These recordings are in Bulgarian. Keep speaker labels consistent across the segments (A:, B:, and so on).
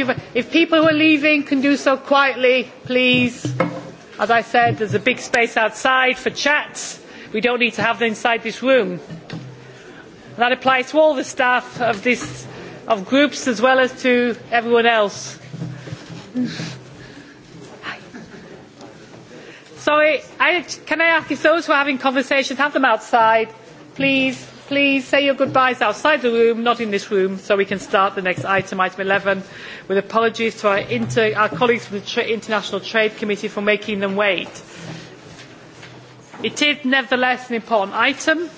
A: you, if people who are leaving can do so quietly, please. As I said, there's a big space outside for chats. We don't need to have them inside this room. That applies to all the staff of, this, of groups as well as to everyone else. Sorry, I, can I ask if those who are having conversations have them outside, please? please say your goodbyes outside the room, not in this room, so we can start the next item, item 11, with apologies to our, inter, our colleagues from the Tra- International Trade Committee for making them wait. It is nevertheless an important item.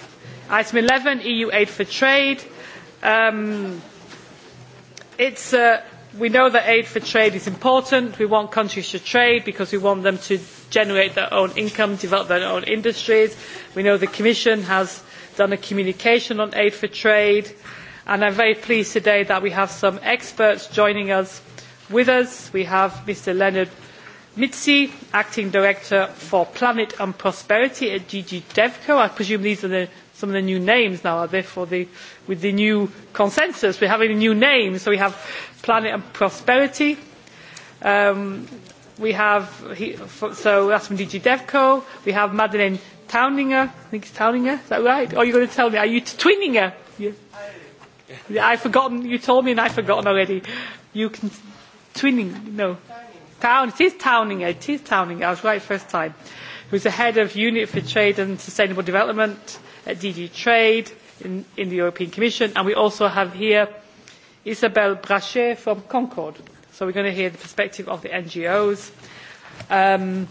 A: Item 11, EU aid for trade. Um, it's, uh, we know that aid for trade is important. We want countries to trade because we want them to generate their own income, develop their own industries. We know the Commission has done a communication on aid for trade and I am very pleased today that we have some experts joining us with us. We have Mr Leonard Mitzi, Acting Director for Planet and Prosperity at DG DevCo. I presume these are the, some of the new names now, are they, for the, with the new consensus? We're having a new name, so we have Planet and Prosperity. Um, we have, he, so that's from DG DevCo. We have Madeleine Towninger. I think it's Towninger. Is that right? Or are you going to tell me? Are you Twinninger? Yeah, I've forgotten. You told me and I've forgotten already. You can... Twinning. No. Town. It is Towninger. It is Towninger. I was right first time. Who is the head of Unit for Trade and Sustainable Development at DG Trade in, in the European Commission. And we also have here Isabelle Brachet from Concord. So we're going to hear the perspective of the NGOs. Um,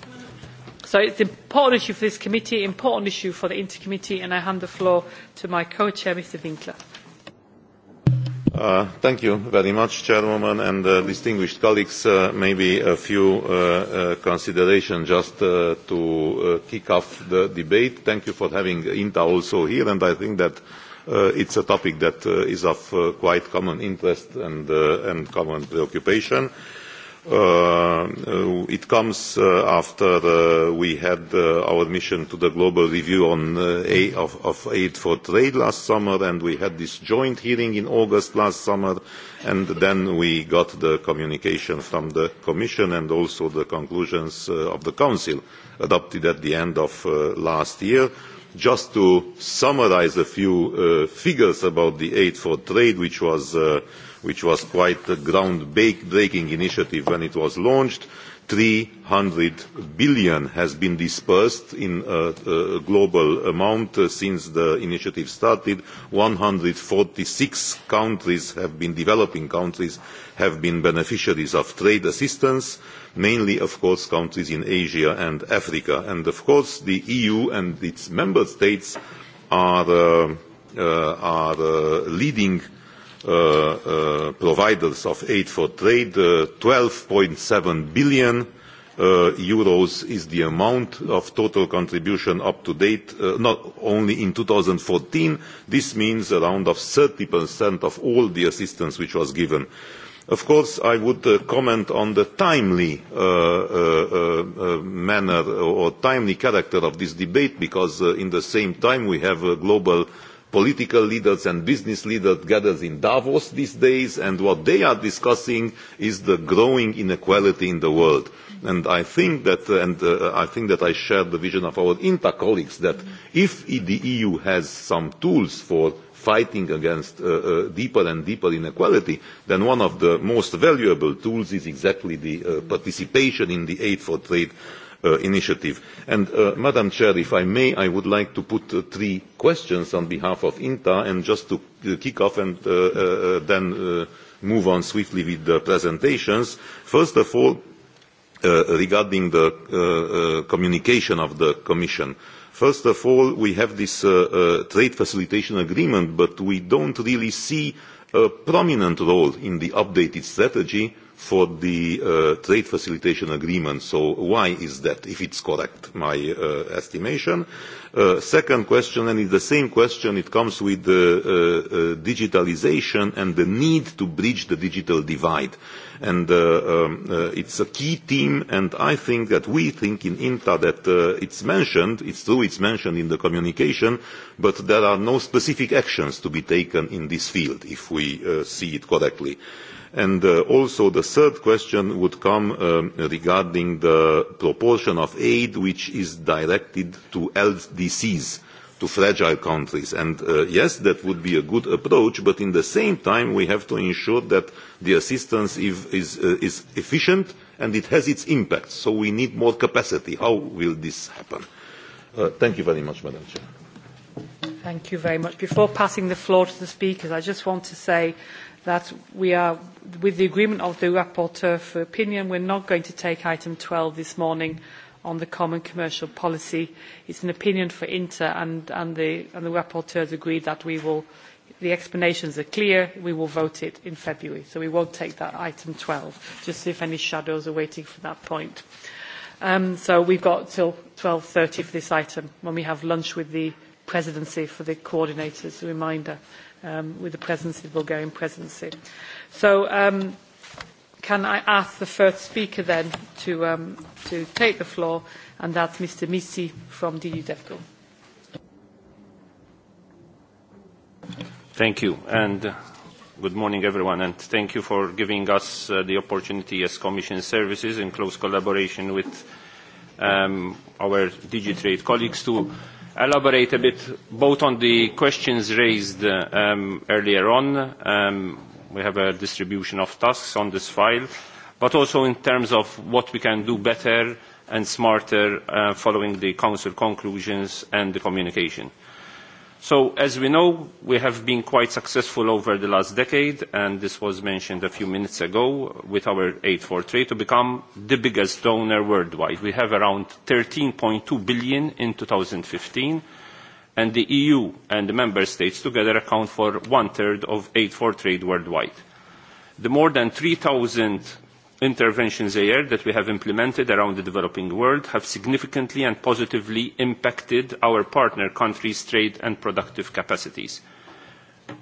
A: So it is an important issue for this committee, an important issue for the Inter Committee, and I hand the floor to my co-chair, Mr. Winkler.
B: Uh, thank you very much, Chairwoman and uh, distinguished colleagues. Uh, maybe a few uh, uh, considerations just uh, to uh, kick off the debate. Thank you for having INTA also here, and I think that uh, it's a topic that uh, is of uh, quite common interest and, uh, and common preoccupation. Uh, it comes after we had our mission to the global review on of aid for trade last summer, and we had this joint hearing in August last summer, and then we got the communication from the Commission and also the conclusions of the Council adopted at the end of last year. Just to summarise a few figures about the aid for trade, which was which was quite a groundbreaking initiative when it was launched. 300 billion has been dispersed in a global amount since the initiative started. 146 countries have been developing countries have been beneficiaries of trade assistance, mainly, of course, countries in Asia and Africa. And of course, the EU and its member states are leading providers of aid for trade, EUR twelve seven billion is the amount of total contribution up to date, not only in fourteen. This means around thirty of all the assistance which was given. Of course, I would comment on the timely manner or timely character of this debate because at the same time we have a global political leaders and business leaders gathered in Davos these days, and what they are discussing is the growing inequality in the world. And I think that, and uh, I think that I share the vision of our INTA colleagues that if the EU has some tools for fighting against uh, uh, deeper and deeper inequality, then one of the most valuable tools is exactly the uh, participation in the aid for trade initiative. And, Madam Chair, if I may, I would like to put three questions on behalf of INTA and just to kick off and then move on swiftly with the presentations. First of all, regarding the communication of the Commission. First of all, we have this trade facilitation agreement, but we don't really see a prominent role in the updated strategy for the uh, trade facilitation agreement. So why is that, if it's correct, my uh, estimation? Uh, second question, and it's the same question, it comes with the uh, uh, digitalization and the need to bridge the digital divide. And uh, um, uh, it's a key theme, and I think that we think in INTA that uh, it's mentioned, it's true it's mentioned in the communication, but there are no specific actions to be taken in this field, if we uh, see it correctly. And also the third question would come regarding the proportion of aid which is directed to LDCs, to fragile countries. And yes, that would be a good approach, but at the same time, we have to ensure that the assistance is, efficient and it has its impact. So we need more capacity. How will this happen? thank you very much, Madam Chair.
A: Thank you very much. Before passing the floor to the speakers, I just want to say that we are, with the agreement of the rapporteur for opinion, we're not going to take item 12 this morning on the common commercial policy. It's an opinion for Inter, and, and, the, and the rapporteur has agreed that we will, the explanations are clear, we will vote it in February. So we won't take that item 12, just if any shadows are waiting for that point. Um, so we've got till 12.30 for this item, when we have lunch with the presidency for the coordinators, a reminder um, with the presidency, the Bulgarian presidency. So um, can I ask the first speaker then to, um, to take the floor, and that's Mr. Misi from DU DEFCO.
C: Thank you, and good morning, everyone, and thank you for giving us uh, the opportunity as Commission services in close collaboration with um, our DigiTrade colleagues to elaborate a bit both on the questions raised um, earlier on. Um, we have a distribution of tasks on this file, but also in terms of what we can do better and smarter uh, following the Council conclusions and the communication. Uh, So as we know, we have been quite successful over the last decade, and this was mentioned a few minutes ago, with our aid for trade to become the biggest donor worldwide. We have around 13.2 billion in 2015, and the EU and the member states together account for one-third of aid for trade worldwide. The more than 3,000 interventions there that we have implemented around the developing world have significantly and positively impacted our partner countries' trade and productive capacities.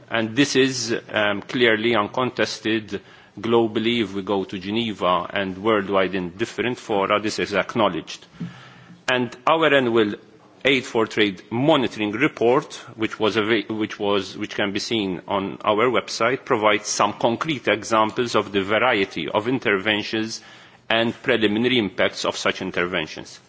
C: And this is clearly uncontested globally if we go to Geneva and worldwide in different fora, this is acknowledged. And our annual aid for trade monitoring report which was which was which can be seen on our website provides some concrete examples of the variety of interventions and preliminary impacts of such interventions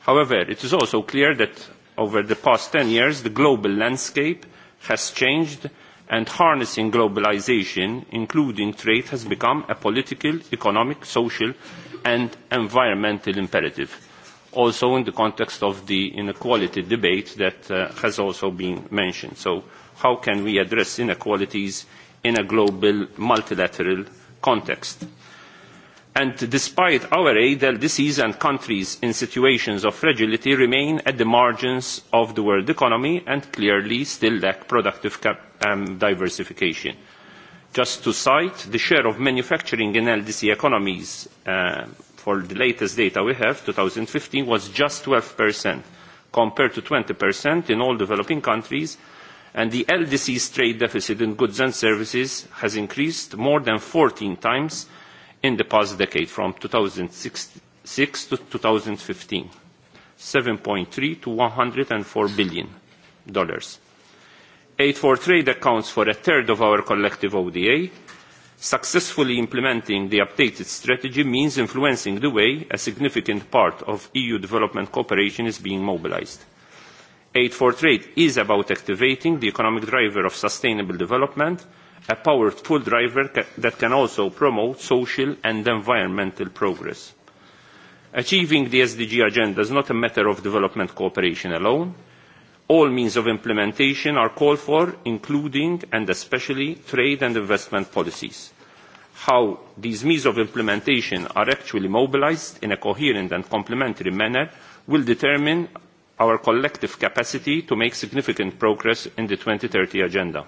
C: however it is also clear that over the past 10 years the global landscape has changed and harnessing globalization including trade has become a political economic social and environmental imperative also in the context of the inequality debate that uh, has also been mentioned. So how can we address inequalities in a global multilateral context? And despite our aid, LDCs and countries in situations of fragility remain at the margins of the world economy and clearly still lack productive cap um, diversification. Just to cite, the share of manufacturing in LDC economies uh, for the latest data we have, 2015, was just 12%, compared to 20% in all developing countries, and the LDC's trade deficit in goods and services has increased more than 14 times in the past decade, from 2006 to 2015, 7.3 to 104 billion dollars. Aid for trade accounts for a third of our collective ODA, Successfully implementing the updated strategy means influencing the way a significant part of EU development cooperation is being mobilised. Aid for Trade is about activating the economic driver of sustainable development, a powerful driver that can also promote social and environmental progress. Achieving the SDG agenda is not a matter of development cooperation alone all means of implementation are called for including and especially trade and investment policies. how these means of implementation are actually mobilised in a coherent and complementary manner will determine our collective capacity to make significant progress in the two thousand and thirty agenda.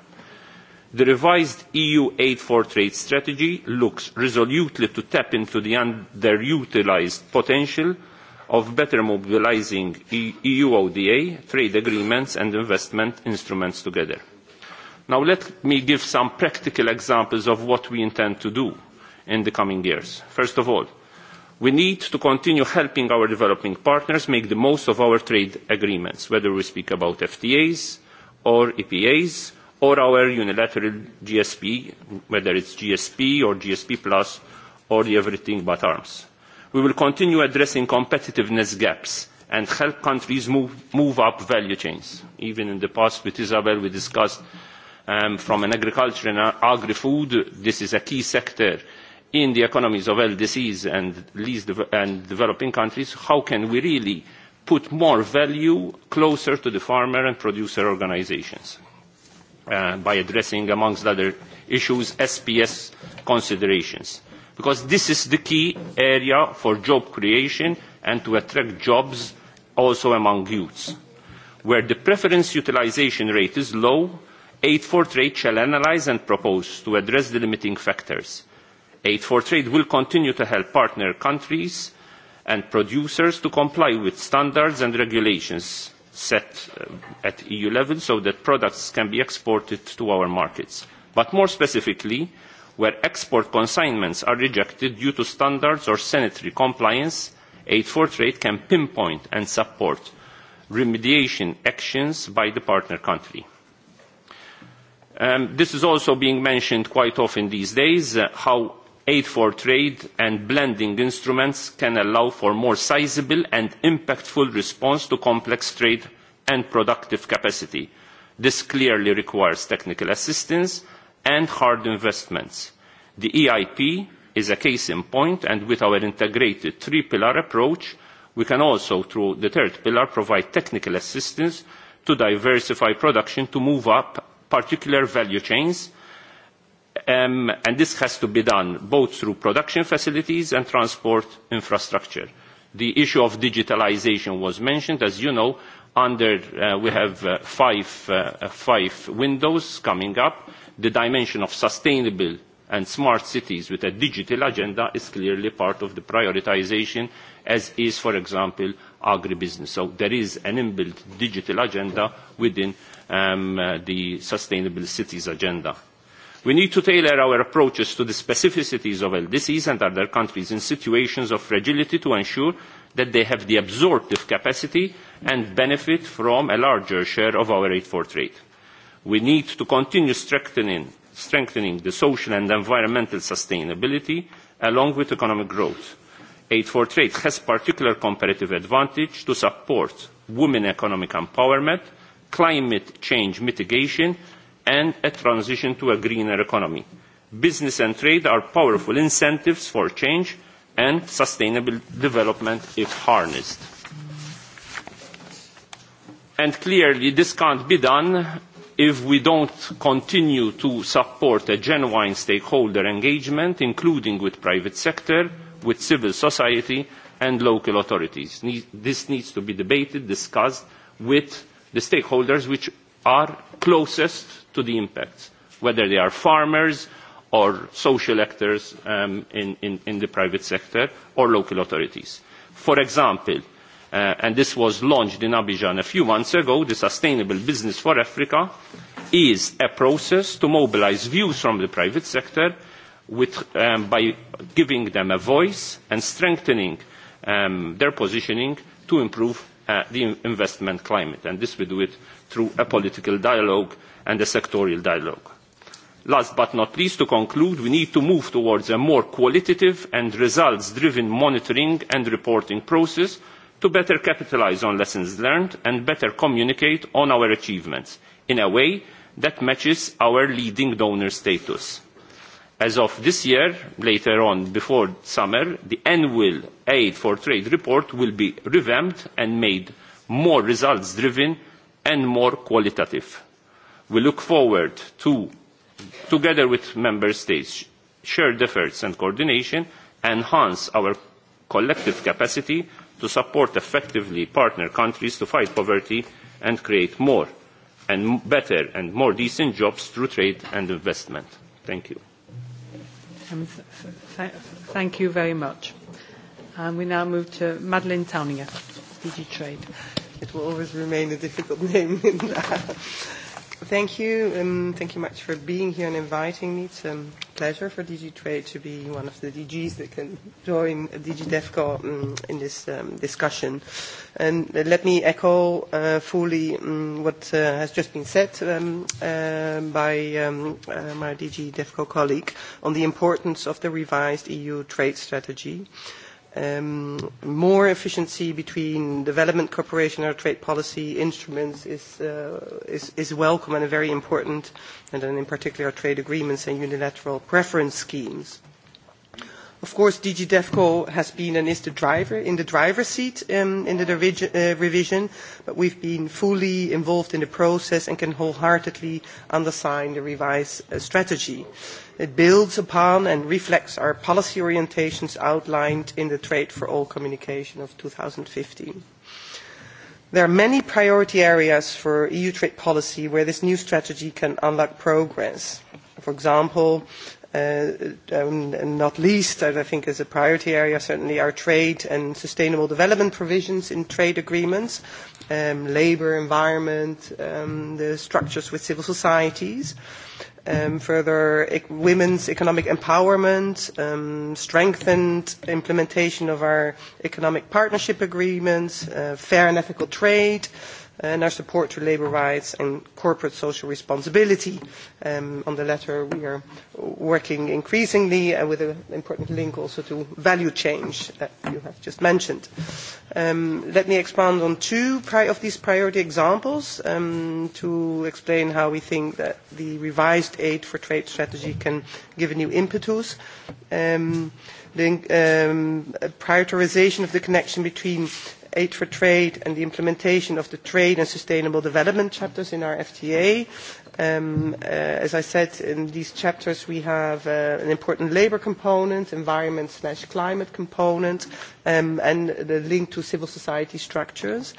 C: the revised eu aid for trade strategy looks resolutely to tap into the underutilised potential of better mobilising EU ODA, trade agreements and investment instruments together. Now let me give some practical examples of what we intend to do in the coming years. First of all, we need to continue helping our developing partners make the most of our trade agreements, whether we speak about FTAs or EPAs or our unilateral GSP, whether it's GSP or GSP Plus or the Everything But Arms we will continue addressing competitiveness gaps and help countries move up value chains. Even in the past with Isabel, we discussed from an agriculture and agri-food, this is a key sector in the economies of LDCs and least and developing countries. How can we really put more value closer to the farmer and producer organizations by addressing, amongst other issues, SPS considerations? because this is the key area for job creation and to attract jobs also among youths. Where the preference utilisation rate is low, aid for trade shall analyse and propose to address the limiting factors. Aid for trade will continue to help partner countries and producers to comply with standards and regulations set at EU level so that products can be exported to our markets. But more specifically, where export consignments are rejected due to standards or sanitary compliance, aid for trade can pinpoint and support remediation actions by the partner country. this is also being mentioned quite often these days, how aid for trade and blending instruments can allow for more sizeable and impactful response to complex trade and productive capacity. This clearly requires technical assistance, and hard investments. The EIP is a case in point, and with our integrated three-pillar approach, we can also, through the third pillar, provide technical assistance to diversify production to move up particular value chains, and this has to be done both through production facilities and transport infrastructure. The issue of digitalisation was mentioned. As you know, under we have five windows coming up. The dimension of sustainable and smart cities with a digital agenda is clearly part of the prioritisation, as is, for example, agribusiness. So there is an inbuilt digital agenda within the sustainable cities agenda. We need to tailor our approaches to the specificities of LDCs and other countries in situations of fragility to ensure that they have the absorptive capacity and benefit from a larger share of our aid-for trade. We need to continue strengthening the social and environmental sustainability along with economic growth. Aid for Trade has particular comparative advantage to support women economic empowerment, climate change mitigation, and a transition to a greener economy. Business and trade are powerful incentives for change and sustainable development if harnessed. And clearly this can't be done if we don't continue to support a genuine stakeholder engagement, including with private sector, with civil society and local authorities. This needs to be debated, discussed with the stakeholders which are closest to the impacts, whether they are farmers, or social actors in, the private sector or local authorities. For example, and this was launched in Abidjan a few months ago, the Sustainable Business for Africa is a process to mobilise views from the private sector by giving them a voice and strengthening their positioning to improve the investment climate. And this we do it through a political dialogue and a sectorial dialogue Last but not least, to conclude, we need to move towards a more qualitative and results-driven monitoring and reporting process to better capitalise on lessons learned and better communicate on our achievements in a way that matches our leading donor status. As of this year, later on before summer, the annual Aid for Trade report will be revamped and made more results-driven and more qualitative. We look forward to together with member states, shared efforts and coordination enhance our collective capacity to support effectively partner countries to fight poverty and create more and better and more decent jobs through trade and investment. Thank you.
A: thank you very much. And we now move to Madeleine Towninger, DG Trade.
D: It will always remain a difficult name in that. Thank you. Um, thank you much for being here and inviting me. It's a um, pleasure for DG Trade to be one of the DGs that can join DG DEFCO um, in this um, discussion. And let me echo uh, fully um, what uh, has just been said um, uh, by um, uh, my DG DEFCO colleague on the importance of the revised EU trade strategy. Uh, um, more efficiency between development cooperation or trade policy instruments is, uh, is, is welcome and very important, and then in particular trade agreements and unilateral preference schemes. Of course, DG DevCo has been and is the driver in the driver's seat in the revision, but we've been fully involved in the process and can wholeheartedly undersign the revised strategy. It builds upon and reflects our policy orientations outlined in the Trade for All communication of fifteen. There are many priority areas for EU trade policy where this new strategy can unlock progress. For example, not least, I think is a priority area, certainly our trade and sustainable development provisions in trade agreements, labour, environment, the structures with civil societies, further women's economic empowerment, strengthened implementation of our economic partnership agreements, fair and ethical trade, and our support to labour rights and corporate social responsibility. on the latter, we are working increasingly uh, with an important link also to value change that you have just mentioned. let me expand on two of these priority examples to explain how we think that the revised aid for trade strategy can give a new impetus. the um, prioritisation of the connection between aid for trade and the implementation of the trade and sustainable development chapters in our FTA. as I said, in these chapters we have an important labour component, environment slash climate component, and the link to civil society structures.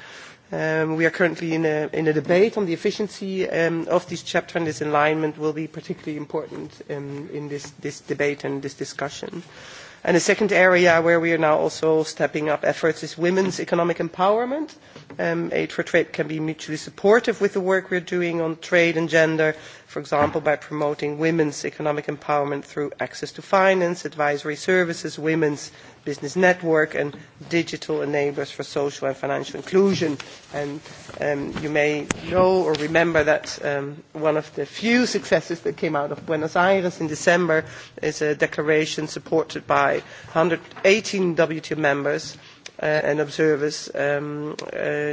D: we are currently in a, in a debate on the efficiency of this chapter, and this alignment will be particularly important in this, this debate and this discussion. Uh, a second area where we are now also stepping up efforts is women's economic empowerment. aid for trade can be mutually supportive with the work we are doing on trade and gender, for example, by promoting women's economic empowerment through access to finance, advisory services, women's business network and digital enablers for social and financial inclusion. And um, you may know or remember that um, one of the few successes that came out of Buenos Aires in December is a declaration supported by 118 WTO members and observers in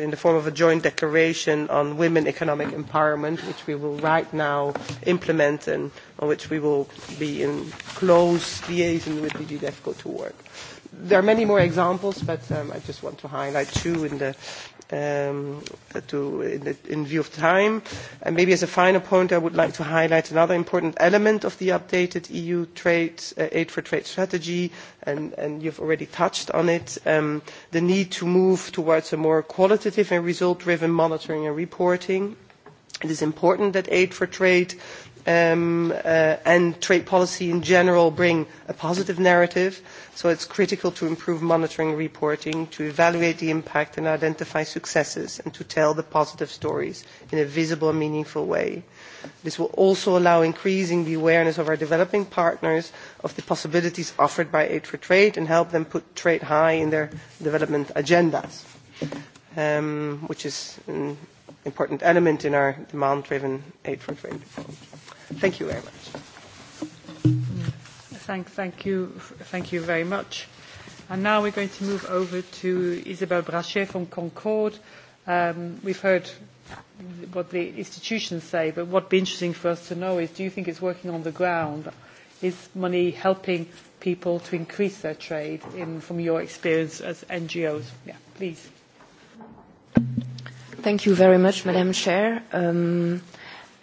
D: the form of a joint declaration on women economic empowerment, which we will right now implement and on which we will be in close liaison with DG DEFCO to work there are many more examples, but um, I just want to highlight two in the um, to, in, the, in view of time. And maybe as a final point, I would like to highlight another important element of the updated EU trade, uh, aid for trade strategy, and, and you've already touched on it, um, the need to move towards a more qualitative and result-driven monitoring and reporting. It is important that aid for trade and trade policy in general bring a positive narrative, so it is critical to improve monitoring and reporting, to evaluate the impact and identify successes, and to tell the positive stories in a visible and meaningful way. This will also allow increasing the awareness of our developing partners of the possibilities offered by Aid for Trade and help them put trade high in their development agendas, which is an important element in our demand-driven Aid for Trade approach. Thank you very much.
A: Thank, thank, you, thank you very much. And now we're going to move over to Isabel Brachet from Concord. Um, we've heard what the institutions say, but what would be interesting for us to know is do you think it's working on the ground? Is money helping people to increase their trade in, from your experience as NGOs? Yeah, please.
E: Thank you very much, Madam Chair. Um,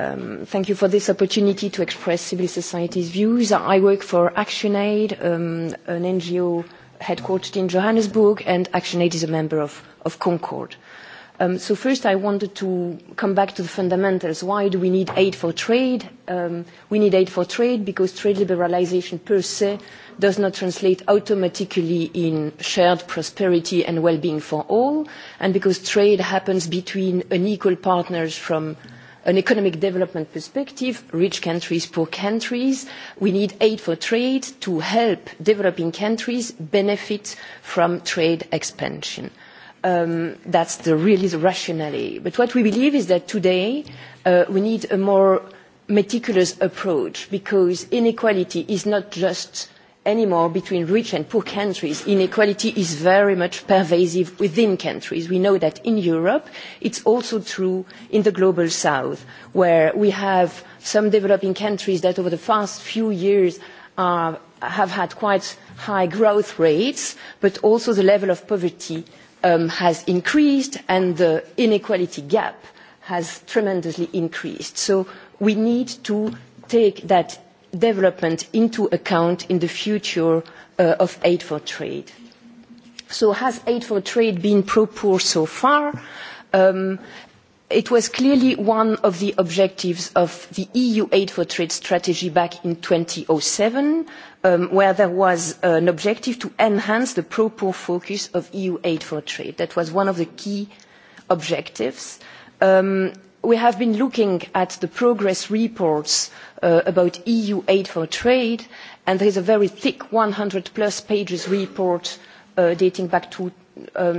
E: thank you for this opportunity to express civil society's views. I work for ActionAid, um, an NGO headquartered in Johannesburg, and ActionAid is a member of, of Concord. Um, so first I wanted to come back to the fundamentals. Why do we need aid for trade? Um, we need aid for trade because trade liberalisation per se does not translate automatically in shared prosperity and well-being for all, and because trade happens between unequal partners from an economic development perspective, rich countries, poor countries. We need aid for trade to help developing countries benefit from trade expansion. That is the really the rationale. But what we believe is that today we need a more meticulous approach because inequality is not just anymore between rich and poor countries. Inequality is very much pervasive within countries. We know that in Europe. It's also true in the global south, where we have some developing countries that over the past few years have had quite high growth rates, but also the level of poverty has increased and the inequality gap has tremendously increased. So we need to take that development into account in the future of aid for trade. So has aid for trade been pro-poor so far? it was clearly one of the objectives of the EU aid for trade strategy back in 2007, um, where there was an objective to enhance the pro-poor focus of EU aid for trade. That was one of the key objectives. Um, we have been looking at the progress reports about eu aid for trade and there is a very thick one hundred plus page report dating back to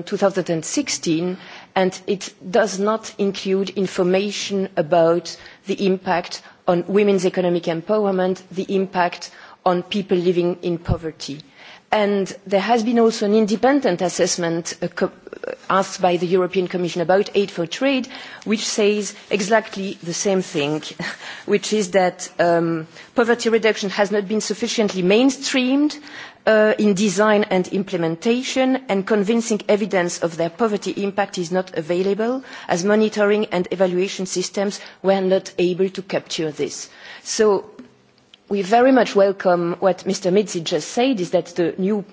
E: two thousand and sixteen and it does not include information about the impact on women's economic empowerment the impact on people living in poverty and there has been also an independent assessment asked by the European Commission about aid for trade, which says exactly the same thing, which is that poverty reduction has not been sufficiently mainstreamed in design and implementation, and convincing evidence of their poverty impact is not available, as monitoring and evaluation systems were not able to capture this. So we very much welcome what Mr. mizzi just said, is that the new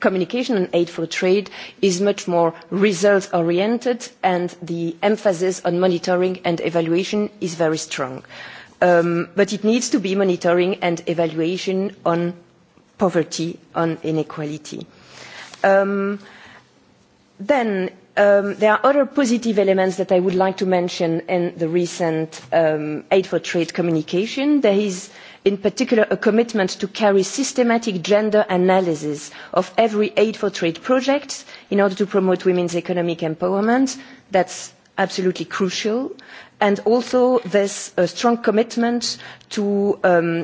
E: communication on aid for trade is much more results oriented and the emphasis on monitoring and evaluation is very strong. but it needs to be monitoring and evaluation on poverty, on inequality. then there are other positive elements that I would like to mention in the recent aid for trade communication. There is in particular a commitment to carry systematic gender analysis of every aid for trade project in order to promote women's economic empowerment that is absolutely crucial and also there is a strong commitment to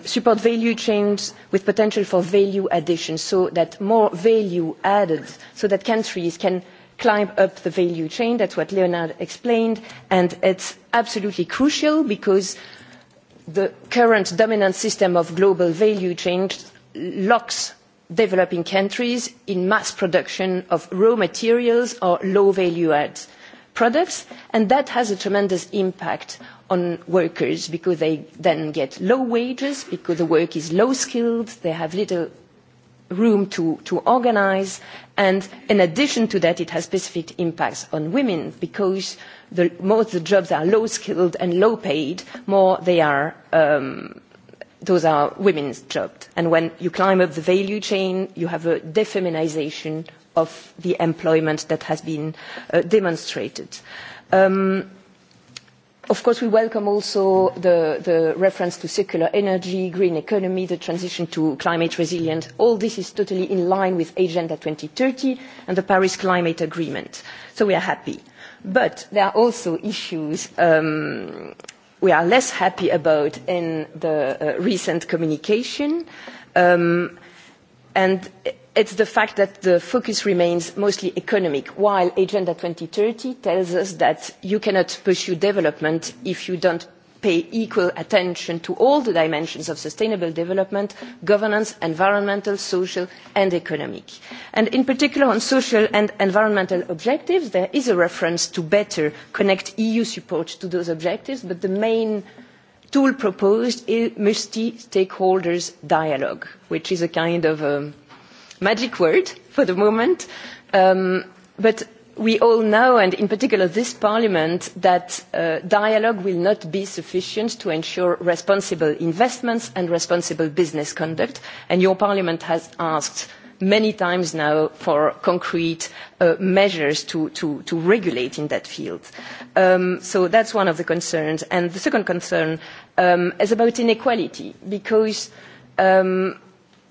E: support value chains with potential for value addition so that more value added so that countries can climb up the value chain that is what leonard explained and it is absolutely crucial because the current dominant system of global value chains locks developing countries in mass production of raw materials or low value add products and that has a tremendous impact on workers because they then get low wages because the work is low skilled they have little room to, to organize. And in addition to that, it has specific impacts on women because the more the jobs are low skilled and low paid, more they are, um, those are women's jobs. And when you climb up the value chain, you have a defeminization of the employment that has been uh, demonstrated. Um, Of course, we welcome also the, the reference to circular energy, green economy, the transition to climate resilience. All this is totally in line with Agenda 2030 and the Paris Climate Agreement. So we are happy. But there are also issues um, we are less happy about in the uh, recent communication. Um, and it is the fact that the focus remains mostly economic while agenda two thousand and thirty tells us that you cannot pursue development if you do not pay equal attention to all the dimensions of sustainable development governance environmental social and economic. in particular on social and environmental objectives there is a reference to better connect eu support to those objectives but the main tool proposed is multi stakeholders dialogue which is a kind of magic word for the moment. but we all know, and in particular this Parliament, that dialogue will not be sufficient to ensure responsible investments and responsible business conduct. And your Parliament has asked many times now for concrete measures to, regulate in that field. so that is one of the concerns. And the second concern is about inequality, because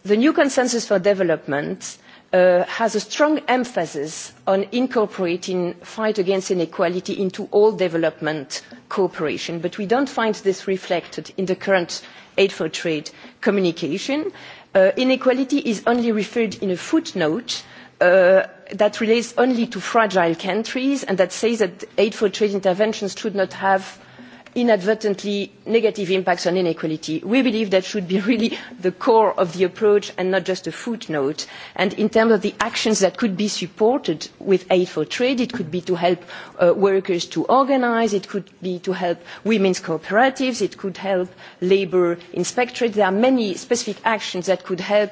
E: the new consensus for development has a strong emphasis on incorporating the fight against inequality into all development cooperation but we do not find this reflected in the current aid for trade communication. inequality is only referred to in a footnote that relates only to fragile countries and that says that aid for trade interventions should not have inadvertently negative impacts on inequality. We believe that should be really the core of the approach and not just a footnote. And in terms of the actions that could be supported with aid for trade, it could be to help workers to organise, it could be to help women's cooperatives, it could help labour inspectorates. There are many specific actions that could help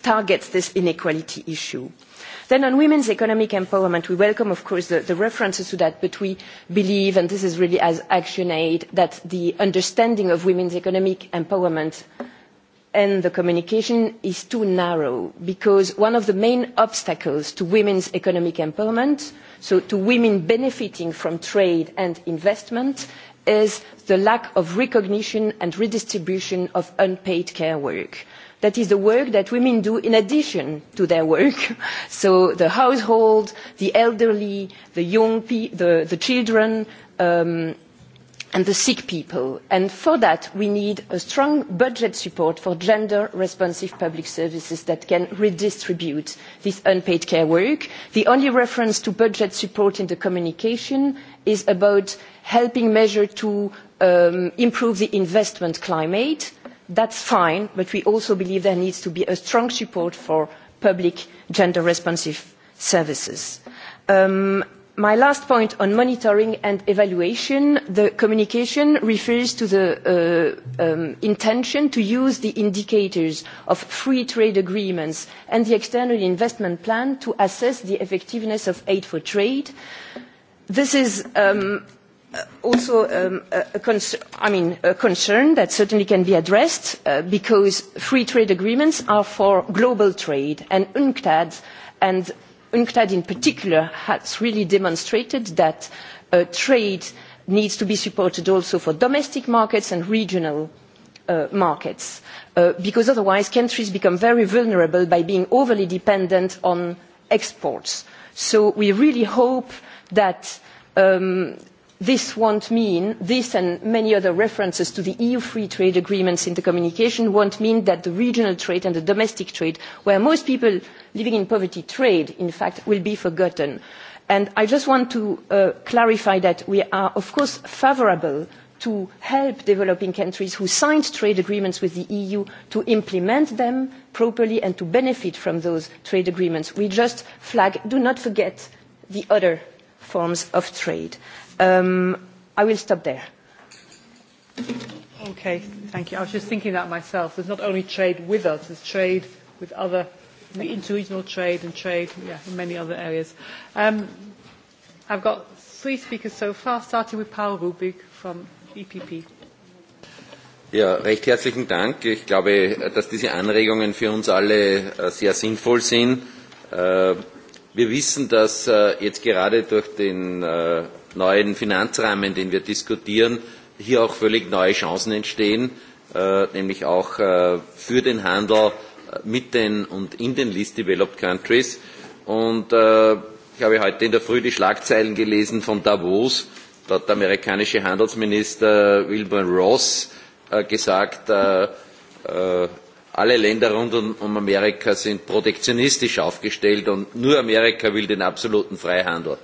E: target this inequality issue Then on women's economic empowerment, we welcome, of course, the, the references to that, but we believe, and this is really as action aid, that the understanding of women's economic empowerment and the communication is too narrow because one of the main obstacles to women's economic empowerment, so to women benefiting from trade and investment, is the lack of recognition and redistribution of unpaid care work that is the work that women do in addition to their work. So the household, the elderly, the young pe- the, the children, um, and the sick people. And for that, we need a strong budget support for gender-responsive public services that can redistribute this unpaid care work. The only reference to budget support in the communication is about helping measure to improve the investment climate That is fine, but we also believe there needs to be strong support for public gender-responsive services. my last point on monitoring and evaluation, the communication refers to the intention to use the indicators of free trade agreements and the external investment plan to assess the effectiveness of aid for trade. This is also a concern that certainly can be addressed because free trade agreements are for global trade and UNCTAD and UNCTAD in particular has really demonstrated that trade needs to be supported also for domestic markets and regional markets because otherwise countries become very vulnerable by being overly dependent on exports. So we really hope that this won't mean, this and many other references to the EU free trade agreements in the communication won't mean that the regional trade and the domestic trade, where most people living in poverty trade, in fact, will be forgotten. And I just want to clarify that we are, of course, favourable to help developing countries who signed trade agreements with the EU to implement them properly and to benefit from those trade agreements. We just flag, do not forget the other forms of trade um, I will stop there.
A: Okay, thank you. I was just thinking that myself. There's not only trade with us, there's trade with other, interregional trade and trade yeah, in many other areas. Um, I've got three speakers so far, starting with Paul Rubik from EPP.
F: Ja, recht herzlichen Dank. Ich glaube, dass diese Anregungen für uns alle sehr sinnvoll sind. Wir wissen, dass jetzt gerade durch den neuen Finanzrahmen, den wir diskutieren, hier auch völlig neue Chancen entstehen, nämlich auch für den Handel mit den und in den Least Developed Countries. Und ich habe heute in der Früh die Schlagzeilen gelesen von Davos. Dort der amerikanische Handelsminister Wilbur Ross gesagt, alle Länder rund um Amerika sind protektionistisch aufgestellt und nur Amerika will den absoluten Freihandel.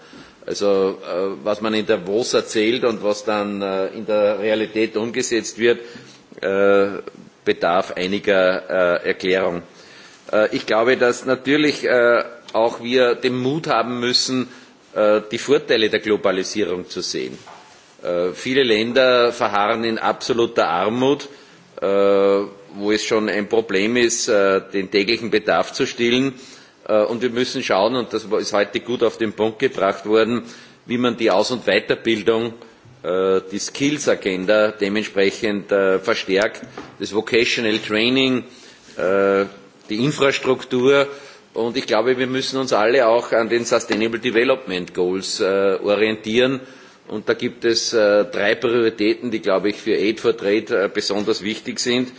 F: Also was man in Davos erzählt und was dann in der Realität umgesetzt wird, bedarf einiger Erklärung. ich glaube, dass natürlich auch wir den Mut haben müssen, die Vorteile der Globalisierung zu sehen. viele Länder verharren in absoluter Armut, wo es schon ein Problem ist, den täglichen Bedarf zu stillen Und wir müssen schauen, und das ist heute gut auf den Punkt gebracht worden, wie man die Aus- und Weiterbildung, die Skills-Agenda dementsprechend verstärkt, das Vocational Training, die Infrastruktur. Und ich glaube, wir müssen uns alle auch an den Sustainable Development Goals orientieren. Und da gibt es drei Prioritäten, die, glaube ich, für Aid for Trade besonders wichtig sind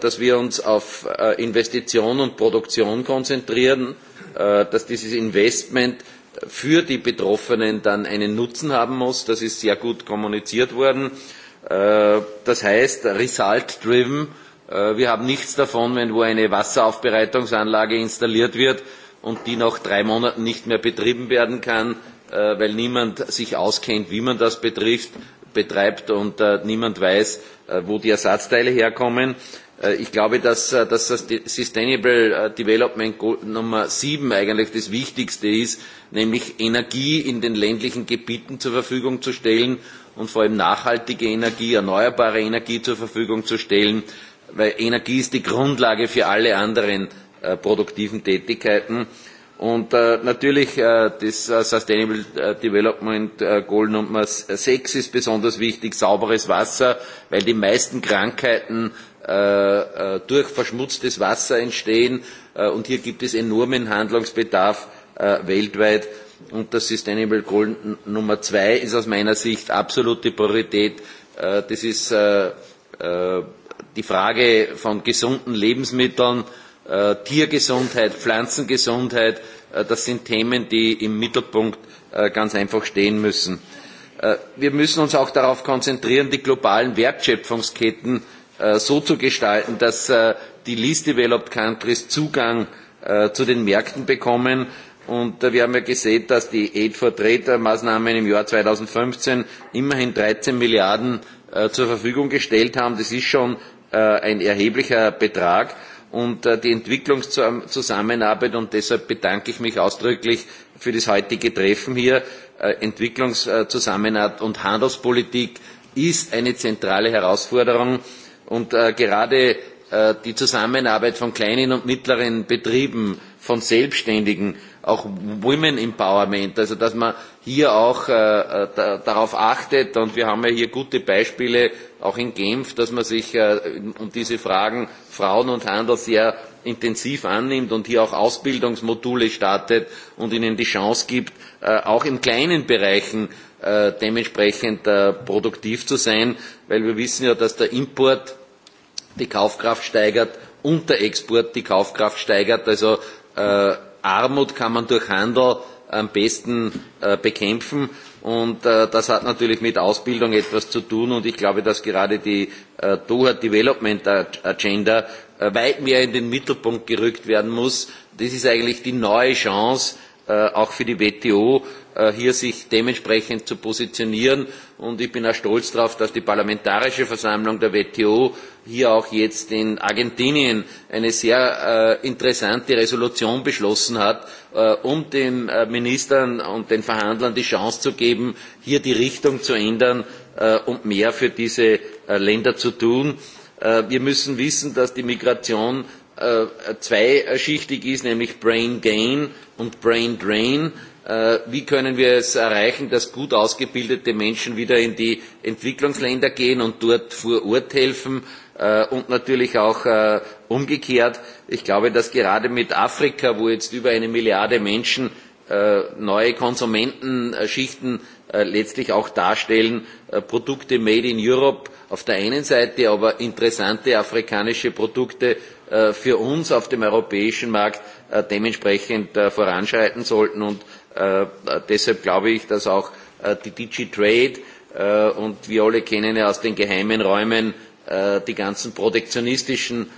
F: dass wir uns auf Investition und Produktion konzentrieren, dass dieses Investment für die Betroffenen dann einen Nutzen haben muss. Das ist sehr gut kommuniziert worden. Das heißt, result driven. Wir haben nichts davon, wenn wo eine Wasseraufbereitungsanlage installiert wird und die nach drei Monaten nicht mehr betrieben werden kann, weil niemand sich auskennt, wie man das betrifft, betreibt und niemand weiß, wo die Ersatzteile herkommen. Ich glaube, dass, dass das Sustainable Development Goal Nummer sieben eigentlich das Wichtigste ist, nämlich Energie in den ländlichen Gebieten zur Verfügung zu stellen und vor allem nachhaltige Energie, erneuerbare Energie zur Verfügung zu stellen, weil Energie ist die Grundlage für alle anderen produktiven Tätigkeiten. Und natürlich das Sustainable Development Goal Nummer sechs ist besonders wichtig, sauberes Wasser, weil die meisten Krankheiten durch verschmutztes Wasser entstehen. Und hier gibt es enormen Handlungsbedarf weltweit. Und das Sustainable Goal Nummer zwei ist aus meiner Sicht absolute Priorität. Das ist die Frage von gesunden Lebensmitteln, Tiergesundheit, Pflanzengesundheit. Das sind Themen, die im Mittelpunkt ganz einfach stehen müssen. Wir müssen uns auch darauf konzentrieren, die globalen Wertschöpfungsketten so zu gestalten, dass die least developed countries Zugang zu den Märkten bekommen. Und wir haben ja gesehen, dass die Aid for Trade Maßnahmen im Jahr 2015 immerhin 13 Milliarden zur Verfügung gestellt haben. Das ist schon ein erheblicher Betrag und die Entwicklungszusammenarbeit und deshalb bedanke ich mich ausdrücklich für das heutige Treffen hier. Entwicklungszusammenarbeit und Handelspolitik ist eine zentrale Herausforderung Und gerade die Zusammenarbeit von kleinen und mittleren Betrieben, von Selbstständigen, auch Women Empowerment, also dass man hier auch darauf achtet und wir haben ja hier gute Beispiele auch in Genf, dass man sich um diese Fragen Frauen und Handel sehr intensiv annimmt und hier auch Ausbildungsmodule startet und ihnen die Chance gibt, auch in kleinen Bereichen dementsprechend produktiv zu sein, weil wir wissen ja, dass der Import die Kaufkraft steigert und der Export die Kaufkraft steigert. Also Armut kann man durch Handel am besten bekämpfen. Und das hat natürlich mit Ausbildung etwas zu tun. Und ich glaube, dass gerade die Doha Development Agenda weit mehr in den Mittelpunkt gerückt werden muss. Das ist eigentlich die neue Chance, auch für die WTO hier sich dementsprechend zu positionieren. Und ich bin auch stolz darauf, dass die Parlamentarische Versammlung der WTO hier auch jetzt in Argentinien eine sehr interessante Resolution beschlossen hat, um den Ministern und den Verhandlern die Chance zu geben, hier die Richtung zu ändern und mehr für diese Länder zu tun. Wir müssen wissen, dass die Migration zweischichtig ist, nämlich Brain Gain und Brain Drain. Wie können wir es erreichen, dass gut ausgebildete Menschen wieder in die Entwicklungsländer gehen und dort vor Ort helfen und natürlich auch umgekehrt. Ich glaube, dass gerade mit Afrika, wo jetzt über eine Milliarde Menschen neue Konsumentenschichten letztlich auch darstellen, Produkte made in Europe auf der einen Seite, aber interessante afrikanische Produkte für uns auf dem europäischen Markt dementsprechend voranschreiten sollten. Und deshalb glaube ich, dass auch die DigiTrade und wir alle kennen ja aus den geheimen Räumen die ganzen protektionistischen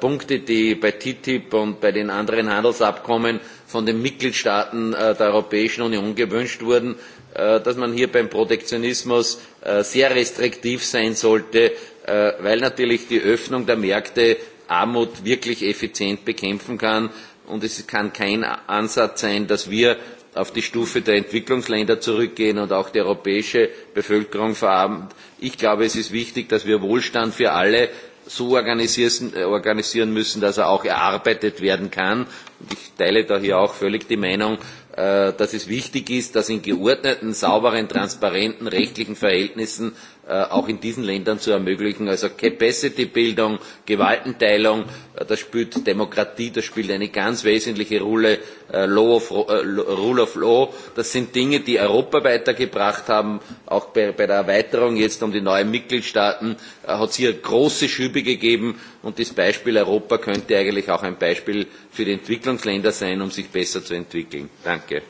F: Punkte, die bei TTIP und bei den anderen Handelsabkommen von den Mitgliedstaaten der Europäischen Union gewünscht wurden, dass man hier beim Protektionismus sehr restriktiv sein sollte, weil natürlich die Öffnung der Märkte Armut wirklich effizient bekämpfen kann. Und es kann kein Ansatz sein, dass wir auf die Stufe der Entwicklungsländer zurückgehen und auch die europäische Bevölkerung verarmen. Ich glaube, es ist wichtig, dass wir Wohlstand für alle so organisieren müssen, dass er auch erarbeitet werden kann. und Ich teile da hier auch völlig die Meinung, dass es wichtig ist, dass in geordneten, sauberen, transparenten rechtlichen Verhältnissen auch in diesen Ländern zu ermöglichen. Also Capacity-Bildung, Gewaltenteilung, das spielt Demokratie, das spielt eine ganz wesentliche Rolle, Rule of Law. Das sind Dinge, die Europa weitergebracht haben. Auch bei, der Erweiterung jetzt um die neuen Mitgliedstaaten hat es hier große Schübe gegeben. Und das Beispiel Europa könnte eigentlich auch ein Beispiel für die Entwicklungsländer sein, um sich besser zu entwickeln. Danke.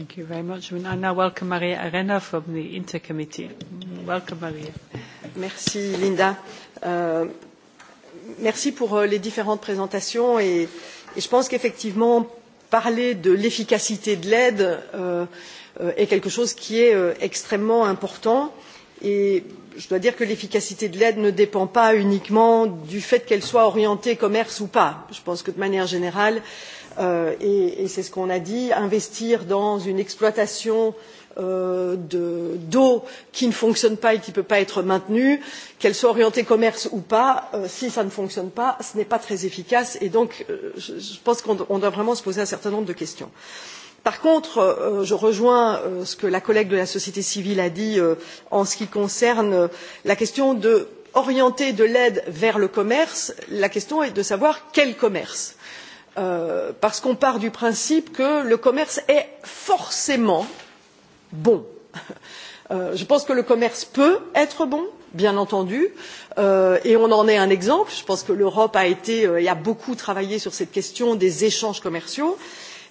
A: Thank you very much. I now welcome Maria Arena from the Intercommittee. Welcome,
G: Maria. Merci, Linda. Euh, merci pour les différentes présentations et, et je pense qu'effectivement, parler de l'efficacité de l'aide euh, est quelque chose qui est euh, extrêmement important et je dois dire que l'efficacité de l'aide ne dépend pas uniquement du fait qu'elle soit orientée commerce ou pas. Je pense que de manière générale, euh, et, c'est ce qu'on a dit, investir dans une exploitation d'eau qui ne fonctionne pas et qui ne peut pas être maintenue, qu'elle soit orientée commerce ou pas, si ça ne fonctionne pas, ce n'est pas très efficace et donc je, pense qu'on doit vraiment se poser un certain nombre de questions. Par contre, je rejoins ce que la collègue de la société civile a dit en ce qui concerne la question de de l'aide vers le commerce. La question est de savoir quel commerce parce qu'on part du principe que le commerce est forcément bon. je pense que le commerce peut être bon bien entendu et on en est un exemple je pense que l'europe a été et a beaucoup travaillé sur cette question des échanges commerciaux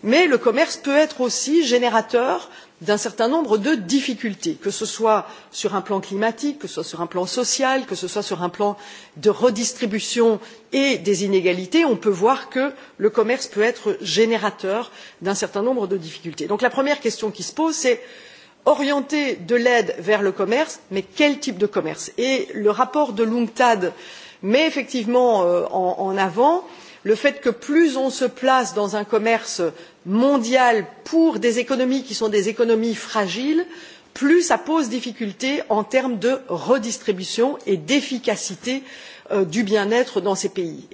G: mais le commerce peut être aussi générateur d'un certain nombre de difficultés que ce soit sur un plan climatique que ce soit sur un plan social que ce soit sur un plan de redistribution et des inégalités on peut voir que le commerce peut être générateur d'un certain nombre de difficultés. donc la première question qui se pose c'est orienter de l'aide vers le commerce mais quel type de commerce? le rapport de l'unctad met effectivement en avant le fait que plus on se place dans un commerce mondial pour des économies qui sont des économies fragiles plus cela pose difficulté en termes de redistribution et d'efficacité du bien être dans ces pays.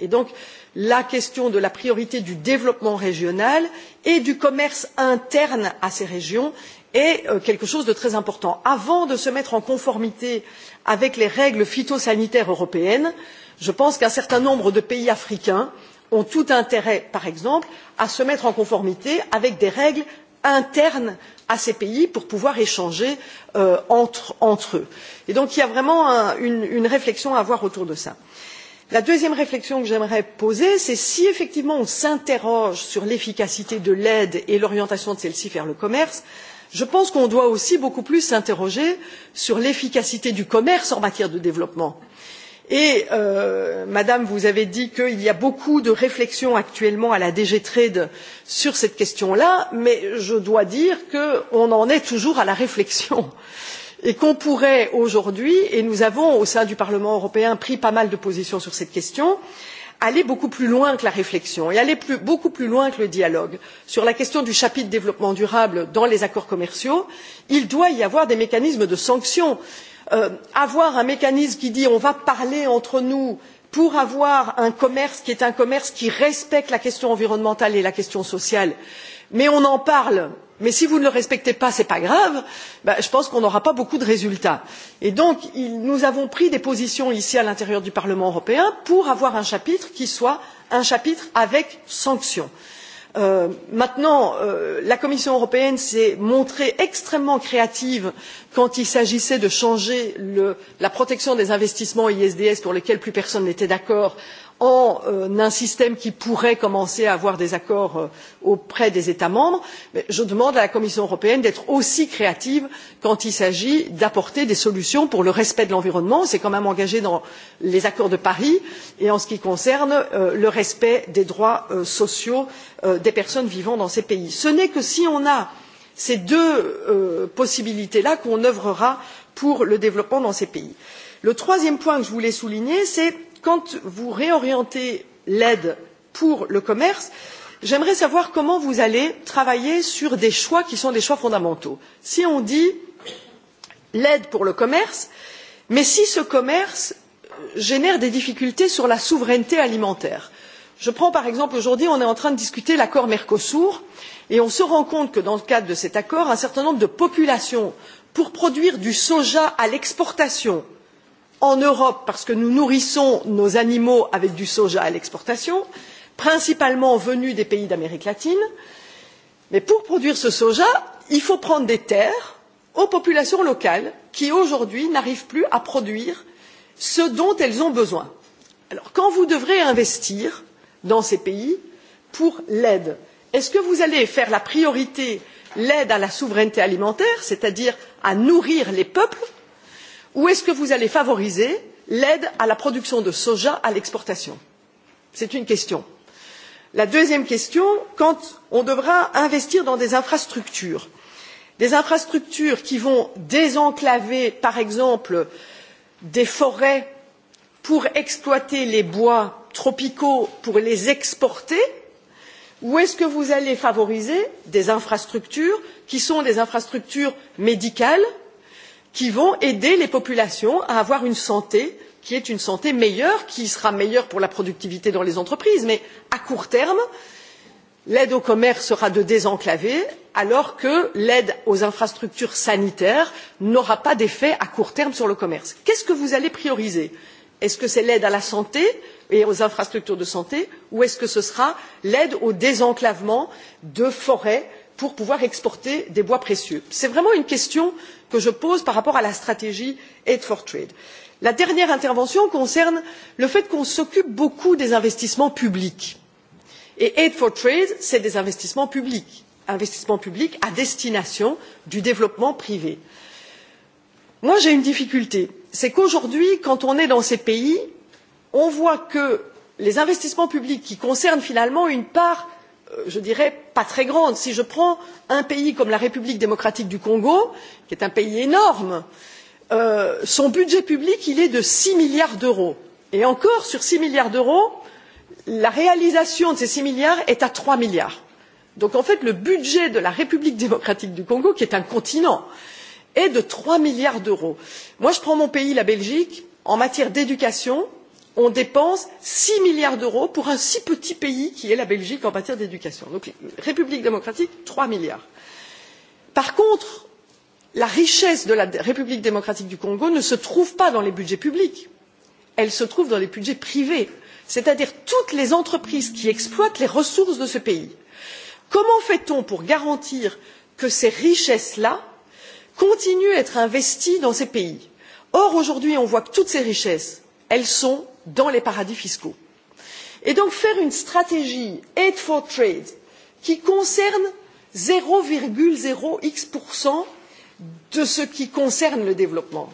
G: la question de la priorité du développement régional et du commerce interne à ces régions est quelque chose de très important. avant de se mettre en conformité avec les règles phytosanitaires européennes je pense qu'un certain nombre de pays africains ont tout intérêt par exemple à se mettre en conformité avec des règles internes à ces pays pour pouvoir échanger entre eux. il y a vraiment une réflexion à avoir autour de cela. la deuxième réflexion que j'aimerais poser c'est si effectivement on s'interroge sur l'efficacité de l'aide et l'orientation de celle ci vers le commerce je pense qu'on doit aussi beaucoup plus s'interroger sur l'efficacité du commerce en matière de développement et madame vous avez dit qu'il y a beaucoup de réflexions actuellement à la dg trade sur cette question là mais je dois dire qu'on en est toujours à la réflexion et qu'on pourrait aujourd'hui et nous avons au sein du parlement européen pris pas mal de positions sur cette question aller beaucoup plus loin que la réflexion et aller beaucoup plus loin que le dialogue sur la question du chapitre développement durable dans les accords commerciaux il doit y avoir des mécanismes de sanction. avoir un mécanisme qui dit on va parler entre nous pour avoir un commerce qui est un commerce qui respecte la question environnementale et la question sociale mais on en parle mais si vous ne le respectez pas ce n'est pas grave je pense qu'on n'aura pas beaucoup de résultats. nous avons pris des positions ici à l'intérieur du parlement européen pour avoir un chapitre qui soit un chapitre avec sanctions. maintenant la commission européenne s'est montrée extrêmement créative quand il s'agissait de changer la protection des investissements isds pour lesquels plus personne n'était d'accord en un système qui pourrait commencer à avoir des accords auprès des états membres je demande à la commission européenne d'être aussi créative quand il s'agit d'apporter des solutions pour le respect de l'environnement c'est quand même engagé dans les accords de paris et en ce qui concerne le respect des droits sociaux des personnes vivant dans ces pays. ce n'est que si on a ces deux possibilités là qu'on œuvrera pour le développement dans ces pays. le troisième point que je voulais souligner c'est quand vous réorientez l'aide pour le commerce j'aimerais savoir comment vous allez travailler sur des choix qui sont des choix fondamentaux. si on dit l'aide pour le commerce mais si ce commerce génère des difficultés sur la souveraineté alimentaire je prends par exemple aujourd'hui on est en train de discuter l'accord mercosur et on se rend compte que dans le cadre de cet accord un certain nombre de populations pour produire du soja à l'exportation en Europe parce que nous nourrissons nos animaux avec du soja à l'exportation, principalement venu des pays d'Amérique latine. Mais pour produire ce soja, il faut prendre des terres aux populations locales qui aujourd'hui n'arrivent plus à produire ce dont elles ont besoin. Alors quand vous devrez investir dans ces pays pour l'aide, est-ce que vous allez faire la priorité l'aide à la souveraineté alimentaire, c'est-à-dire à nourrir les peuples, ou est-ce que vous allez favoriser l'aide à la production de soja à l'exportation C'est une question. La deuxième question, quand on devra investir dans des infrastructures, des infrastructures qui vont désenclaver, par exemple, des forêts pour exploiter les bois tropicaux pour les exporter ou est ce que vous allez favoriser des infrastructures qui sont des infrastructures médicales qui vont aider les populations à avoir une santé qui est une santé meilleure qui sera meilleure pour la productivité dans les entreprises mais à court terme l'aide au commerce sera de désenclaver alors que l'aide aux infrastructures sanitaires n'aura pas d'effet à court terme sur le commerce. qu'est ce que vous allez prioriser? est ce que c'est l'aide à la santé et aux infrastructures de santé ou est ce que ce sera l'aide au désenclavement de forêts pour pouvoir exporter des bois précieux. c'est vraiment une question que je pose par rapport à la stratégie aid for trade. la dernière intervention concerne le fait qu'on s'occupe beaucoup des investissements publics et aid for trade c'est des investissements publics investissements publics à destination du développement privé. moi j'ai une difficulté c'est qu'aujourd'hui quand on est dans ces pays on voit que les investissements publics qui concernent finalement une part je dirais pas très grande. si je prends un pays comme la république démocratique du congo qui est un pays énorme son budget public est de six milliards d'euros et encore sur six milliards d'euros la réalisation de ces six milliards est à trois milliards. donc en fait le budget de la république démocratique du congo qui est un continent est de trois milliards d'euros. je prends mon pays la belgique en matière d'éducation on dépense six milliards d'euros pour un si petit pays qu'est la belgique en matière d'éducation. donc république démocratique trois milliards. par contre la richesse de la république démocratique du congo ne se trouve pas dans les budgets publics elle se trouve dans les budgets privés c'est à dire toutes les entreprises qui exploitent les ressources de ce pays. comment fait on pour garantir que ces richesses là continuent à être investies dans ces pays? or aujourd'hui on voit que toutes ces richesses sont dans les paradis fiscaux. et donc faire une stratégie aid for trade qui concerne zéro zéro x de ce qui concerne le développement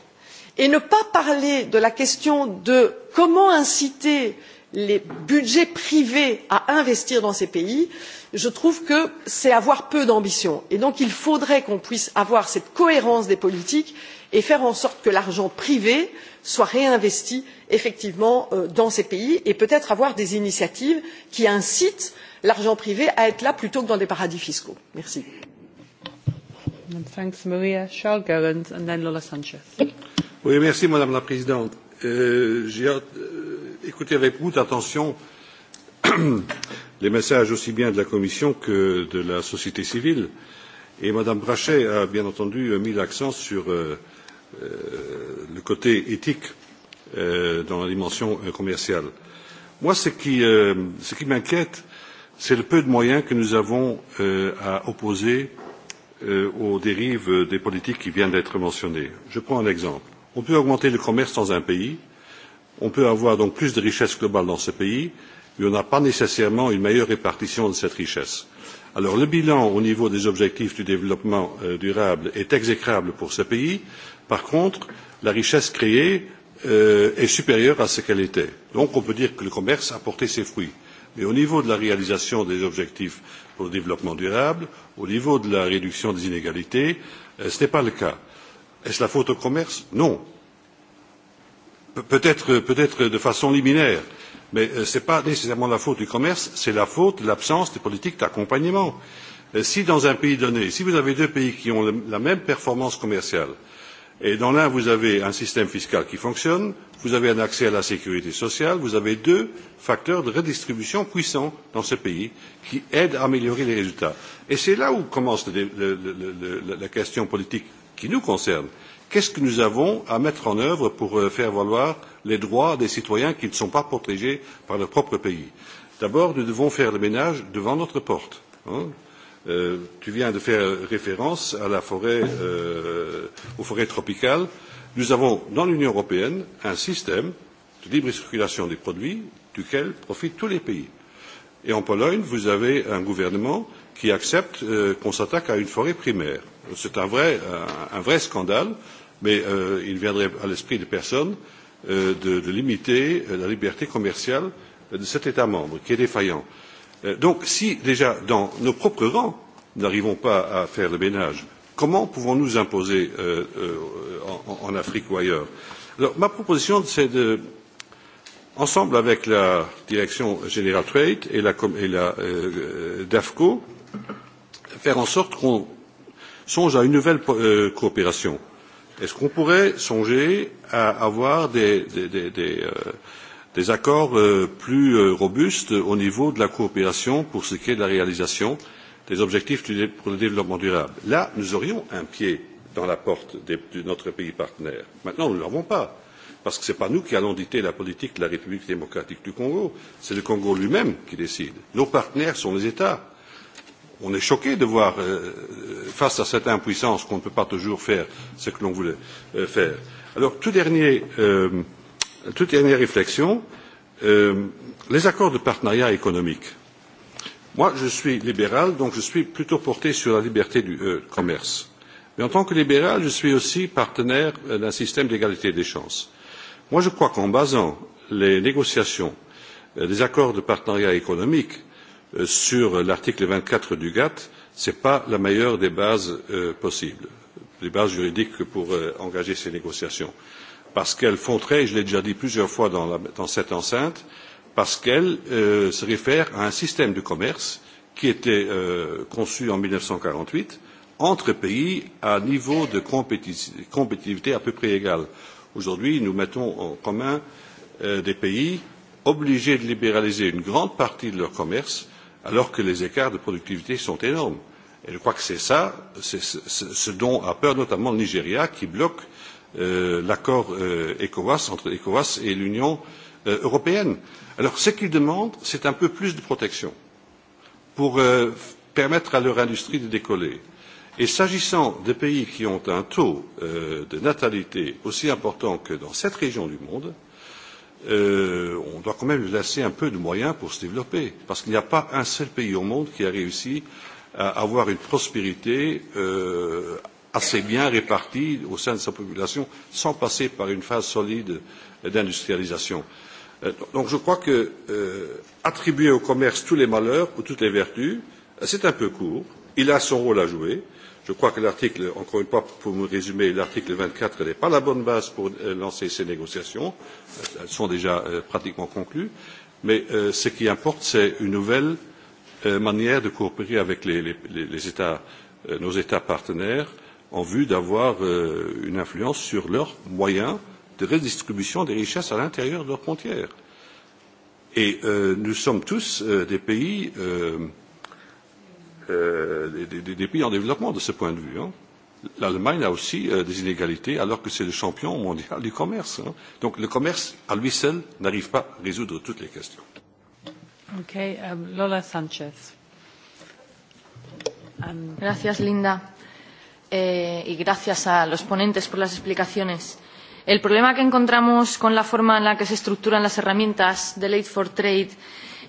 G: et ne pas parler de la question de comment inciter les budgets privés à investir dans ces pays je trouve que c'est avoir peu d'ambition et donc il faudrait qu'on puisse avoir cette cohérence des politiques et faire en sorte que l'argent privé puisse soient réinvestis effectivement dans ces pays et peut être avoir des initiatives qui incitent l'argent privé à être là plutôt que dans des paradis fiscaux.
A: madame
H: la présidente j'ai écouté avec beaucoup d'attention les messages aussi bien de la commission que de la société civile et mme brachet a bien entendu mis l'accent sur le côté éthique dans la dimension commerciale. Moi, ce qui, m'inquiète, c'est le peu de moyens que nous avons à opposer aux dérives des politiques qui viennent d'être mentionnées. Je prends un exemple. On peut augmenter le commerce dans un pays, on peut avoir donc plus de richesse globale dans ce pays, mais on n'a pas nécessairement une meilleure répartition de cette richesse Alors le bilan au niveau des objectifs du développement durable est exécrable pour ce pays. Par contre, la richesse créée est supérieure à ce qu'elle était. Donc on peut dire que le commerce a porté ses fruits. Mais au niveau de la réalisation des objectifs pour le développement durable, au niveau de la réduction des inégalités, ce n'est pas le cas. Est-ce la faute au commerce Non. Peut-être de façon liminaire Mais ce n'est pas nécessairement la faute du commerce, c'est la faute de l'absence de politique d'accompagnement. Si dans un pays donné, si vous avez deux pays qui ont la même performance commerciale, et dans l'un vous avez un système fiscal qui fonctionne, vous avez un accès à la sécurité sociale, vous avez deux facteurs de redistribution puissants dans ce pays qui aident à améliorer les résultats. Et c'est là où commence la question politique qui nous concerne. Qu'est-ce que nous avons à mettre en œuvre pour faire valoir les droits des citoyens qui ne sont pas protégés par leur propre pays. D'abord, nous devons faire le ménage devant notre porte. tu viens de faire référence à la forêt, aux forêts tropicales. Nous avons dans l'Union européenne un système de libre circulation des produits duquel profitent tous les pays. Et en Pologne, vous avez un gouvernement qui accepte qu'on s'attaque à une forêt primaire. C'est un vrai, scandale, mais il ne viendrait à l'esprit de personne de, limiter la liberté commerciale de cet État membre qui est défaillant. donc si déjà dans nos propres rangs, nous n'arrivons pas à faire le ménage, comment pouvons nous imposer en, Afrique ou ailleurs? Alors, ma proposition, c'est de, ensemble avec la direction générale Trade et la, et la DAFCO, faire en sorte qu'on songe à une nouvelle coopération Est-ce qu'on pourrait songer à avoir des, des, des, des, euh, des accords euh, plus euh, robustes au niveau de la coopération pour ce qui est de la réalisation des objectifs du, pour le développement durable Là, nous aurions un pied dans la porte des, de notre pays partenaire. Maintenant, nous ne l'avons pas, parce que ce n'est pas nous qui allons dicter la politique de la République démocratique du Congo, c'est le Congo lui-même qui décide. Nos partenaires sont les États on est choqué de voir, face à cette impuissance, qu'on ne peut pas toujours faire ce que l'on voulait faire. Alors, toute dernière réflexion, les accords de partenariat économique. Moi, je suis libéral, donc je suis plutôt porté sur la liberté du commerce. Mais en tant que libéral, je suis aussi partenaire d'un système d'égalité des chances. Moi, je crois qu'en basant les négociations des accords de partenariat économique sur l'article vingt quatre du gatt ce n'est pas la meilleure des bases possibles des bases juridiques pour engager ces négociations parce qu'elles font je l'ai déjà dit plusieurs fois dans cette enceinte parce qu'elles se réfèrent à un système de commerce qui était conçu en mille neuf cent quarante huit entre pays à niveau de compétitivité à peu près égal. Aujourd'hui, nous mettons en commun des pays obligés de libéraliser une grande partie de leur commerce alors que les écarts de productivité sont énormes. Et je crois que c'est ça, c'est ce dont a peur notamment le Nigeria, qui bloque l'accord ECOWAS entre ECOWAS et l'Union européenne. Alors ce qu'ils demandent, c'est un peu plus de protection pour permettre à leur industrie de décoller. Et s'agissant de pays qui ont un taux de natalité aussi important que dans cette région du monde, on doit quand même laisser un peu de moyens pour se développer, parce qu'il n'y a pas un seul pays au monde qui a réussi à avoir une prospérité assez bien répartie au sein de sa population sans passer par une phase solide d'industrialisation. Donc je crois que attribuer au commerce tous les malheurs ou toutes les vertus, c'est un peu court. Il a son rôle à jouer. Je crois que l'article, encore une fois, pour me résumer, l'article vingt quatre n'est pas la bonne base pour lancer ces négociations. Elles sont déjà pratiquement conclues. Mais ce qui importe, c'est une nouvelle manière de coopérer avec nos États partenaires en vue d'avoir une influence sur leurs moyens de redistribution des richesses à l'intérieur de leurs frontières. Et nous sommes tous des pays euh, des, des, des pays en développement de ce point de vue. Hein. L'Allemagne a aussi euh, des inégalités alors que c'est le champion mondial du commerce. Hein. Donc le commerce à lui seul n'arrive pas à résoudre toutes les questions.
A: Ok,
I: um, Lola Sanchez. Um... Gracias, Linda. Eh, y gracias a los ponentes por las explicaciones. El problema que encontramos con la forma en la que se estructuran las herramientas de Aid for Trade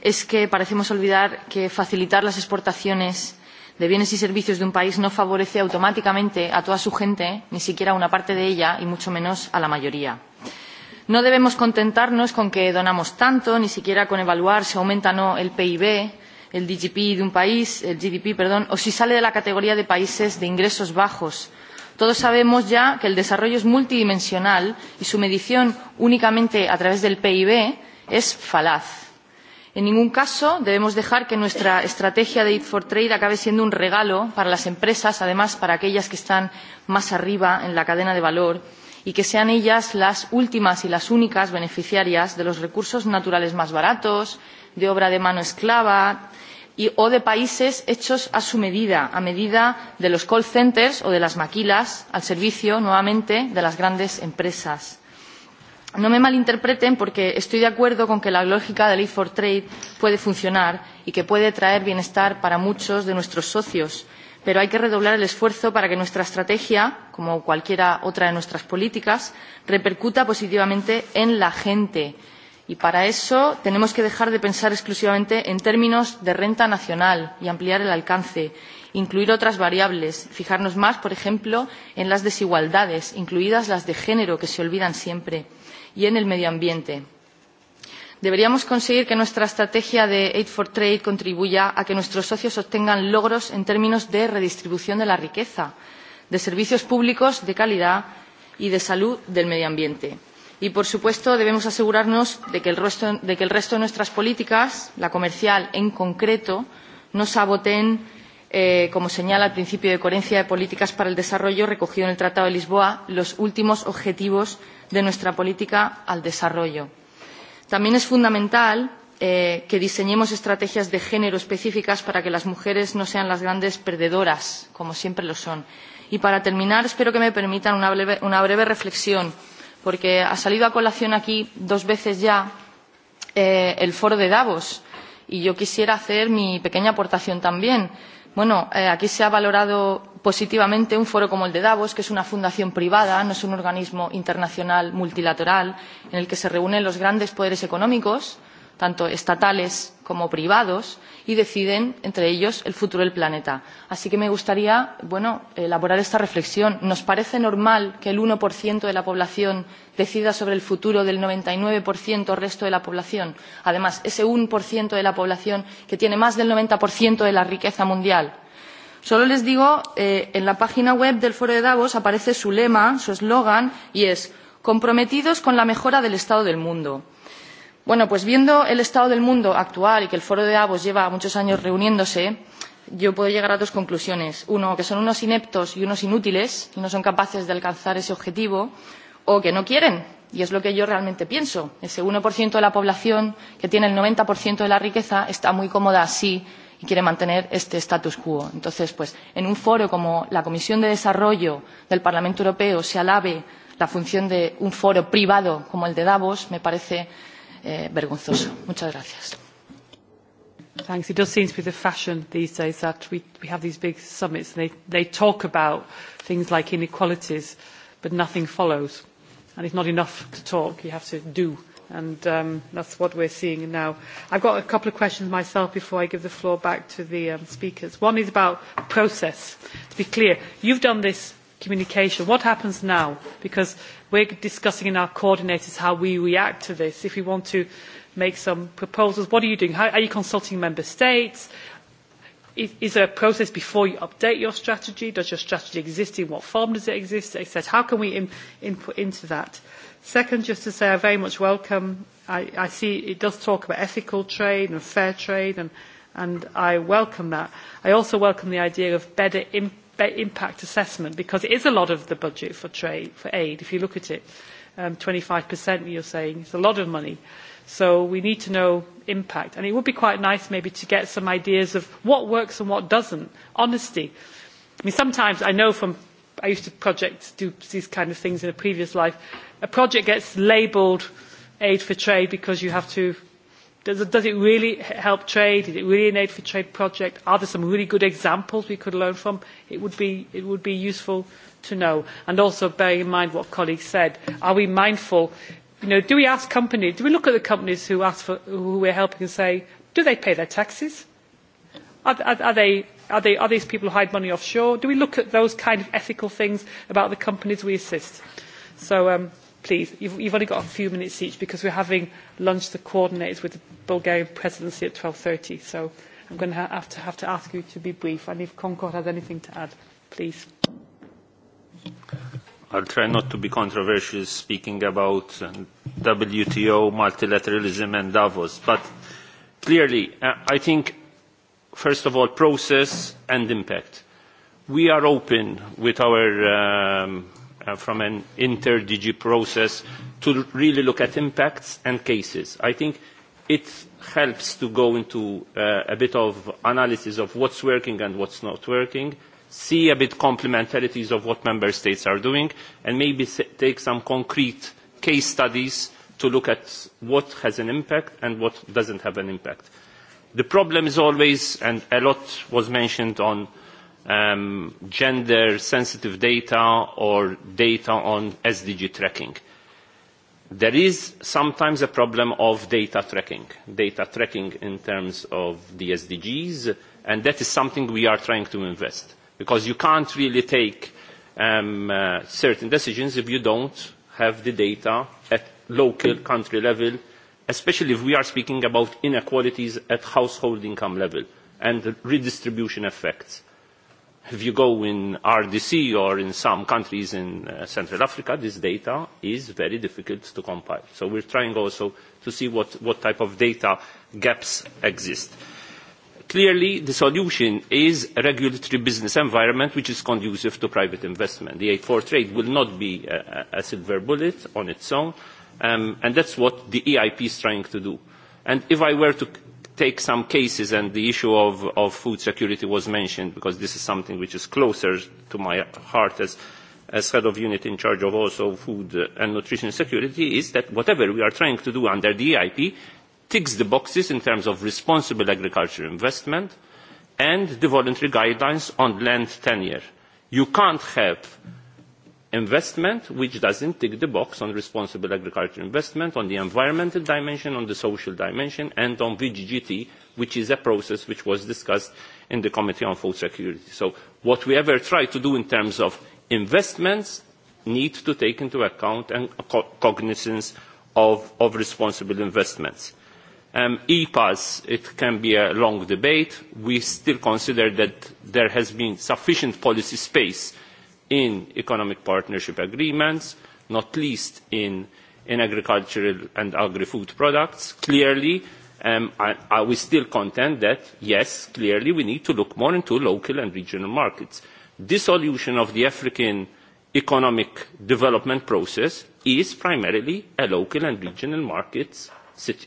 I: es que parecemos olvidar que facilitar las exportaciones de bienes y servicios de un país no favorece automáticamente a toda su gente, ni siquiera a una parte de ella y mucho menos a la mayoría. No debemos contentarnos con que donamos tanto, ni siquiera con evaluar si aumenta o no el PIB, el GDP de un país, el GDP, perdón, o si sale de la categoría de países de ingresos bajos. Todos sabemos ya que el desarrollo es multidimensional y su medición únicamente a través del PIB es falaz en ningún caso debemos dejar que nuestra estrategia de aid for trade acabe siendo un regalo para las empresas además para aquellas que están más arriba en la cadena de valor y que sean ellas las últimas y las únicas beneficiarias de los recursos naturales más baratos de obra de mano esclava o de países hechos a su medida a medida de los call centers o de las maquilas al servicio nuevamente de las grandes empresas no me malinterpreten porque estoy de acuerdo con que la lógica del aid for trade puede funcionar y que puede traer bienestar para muchos de nuestros socios pero hay que redoblar el esfuerzo para que nuestra estrategia como cualquier otra de nuestras políticas repercuta positivamente en la gente y para eso tenemos que dejar de pensar exclusivamente en términos de renta nacional y ampliar el alcance incluir otras variables fijarnos más por ejemplo en las desigualdades incluidas las de género que se olvidan siempre y en el medio ambiente. Deberíamos conseguir que nuestra estrategia de Aid for Trade contribuya a que nuestros socios obtengan logros en términos de redistribución de la riqueza, de servicios públicos de calidad y de salud del medio ambiente. Y, por supuesto, debemos asegurarnos de que el resto de, que el resto de nuestras políticas, la comercial en concreto, no saboten, eh, como señala el principio de coherencia de políticas para el desarrollo recogido en el Tratado de Lisboa, los últimos objetivos de nuestra política al desarrollo. También es fundamental eh, que diseñemos estrategias de género específicas para que las mujeres no sean las grandes perdedoras, como siempre lo son. Y para terminar, espero que me permitan una breve, una breve reflexión, porque ha salido a colación aquí dos veces ya eh, el foro de Davos, y yo quisiera hacer mi pequeña aportación también. Bueno, eh, aquí se ha valorado positivamente un foro como el de Davos, que es una fundación privada, no es un organismo internacional multilateral, en el que se reúnen los grandes poderes económicos, tanto estatales como privados, y deciden entre ellos el futuro del planeta. Así que me gustaría elaborar esta reflexión. ¿Nos parece normal que el uno de la población decida sobre el futuro del noventa y 99% resto de la población? Además, ese uno de la población que tiene más del noventa de la riqueza mundial Solo les digo, eh, en la página web del Foro de Davos aparece su lema, su eslogan, y es comprometidos con la mejora del estado del mundo. Bueno, pues viendo el estado del mundo actual y que el Foro de Davos lleva muchos años reuniéndose, yo puedo llegar a dos conclusiones. Uno, que son unos ineptos y unos inútiles y no son capaces de alcanzar ese objetivo, o que no quieren, y es lo que yo realmente pienso. Ese 1% de la población que tiene el 90% de la riqueza está muy cómoda así y quiere mantener este status quo. Entonces, pues, en un foro como la Comisión de Desarrollo del Parlamento Europeo se alabe la función de un foro privado como el de Davos, me parece eh, vergonzoso. Muchas gracias.
A: Thanks. It does seem to be the fashion these days that we, we have these big summits and they, they talk about things like inequalities, but nothing follows. And it's not enough to talk, you have to do and um, that's what we're seeing now. I've got a couple of questions myself before I give the floor back to the um, speakers. One is about process. To be clear, you've done this communication. What happens now? Because we're discussing in our coordinators how we react to this. If we want to make some proposals, what are you doing? How, are you consulting member states? is there a process before you update your strategy? Does your strategy exist? In what form does it exist? Etc. How can we in, input into that? Second, just to say I very much welcome, I, I see it does talk about ethical trade and fair trade, and, and I welcome that. I also welcome the idea of better in, impact assessment because it is a lot of the budget for trade, for aid, if you look at it. Um, 25% you're saying, it's a lot of money. So we need to know impact. And it would be quite nice maybe to get some ideas of what works and what doesn't. Honesty. I mean, sometimes I know from I used to project do these kind of things in a previous life. A project gets labelled aid for trade because you have to. Does it, does it really help trade? Is it really an aid for trade project? Are there some really good examples we could learn from? It would be, it would be useful to know. And also bearing in mind what colleagues said, are we mindful do we ask companies, do we look at the companies who ask for, who we're helping and say, do they pay their taxes? Are, are, are they are, they, are these people who hide money offshore? Do we look at those kind of ethical things about the companies we assist? So um, please, you've, you've only got a few minutes each because we're having lunch, the coordinate with the Bulgarian presidency at 12.30. So I'm going to have to, have to ask you to be brief. And if Concord has anything to add, please.
C: I'll try not to be controversial speaking about WTO, multilateralism and Davos, but clearly I think first of all process and impact. We are open with our um, from an inter-DG process to really look at impacts and cases. I think it helps to go into uh, a bit of analysis of what's working and what's not working see a bit complementarities of what member states are doing and maybe take some concrete case studies to look at what has an impact and what doesn't have an impact. The problem is always, and a lot was mentioned on um, gender sensitive data or data on SDG tracking. There is sometimes a problem of data tracking, data tracking in terms of the SDGs, and that is something we are trying to invest because you can't really take um, uh, certain decisions if you don't have the data at local country level, especially if we are speaking about inequalities at household income level and redistribution effects. If you go in RDC or in some countries in uh, Central Africa, this data is very difficult to compile. So we're trying also to see what, what type of data gaps exist clearly the solution is a regulatory business environment which is conducive to private investment. The eight four trade will not be a, a silver bullet on its own, um, and that's what the EIP is trying to do. And if I were to take some cases, and the issue of, of food security was mentioned, because this is something which is closer to my heart as, as head of unit in charge of also food and nutrition security, is that whatever we are trying to do under the EIP ticks the boxes in terms of responsible agricultural investment and the voluntary guidelines on land tenure. You can't have investment which doesn't tick the box on responsible agricultural investment, on the environmental dimension, on the social dimension, and on VGGT, which is a process which was discussed in the Committee on Food Security. So what we ever try to do in terms of investments need to take into account and cognizance of, of responsible investments epas it can be a long debate we still consider that there has been sufficient policy space in economic partnership agreements not least in agricultural and agri food products. clearly are we still content that yes clearly we need to look more into local and regional markets. dissolution of the african economic development process is primarily a local and regional markets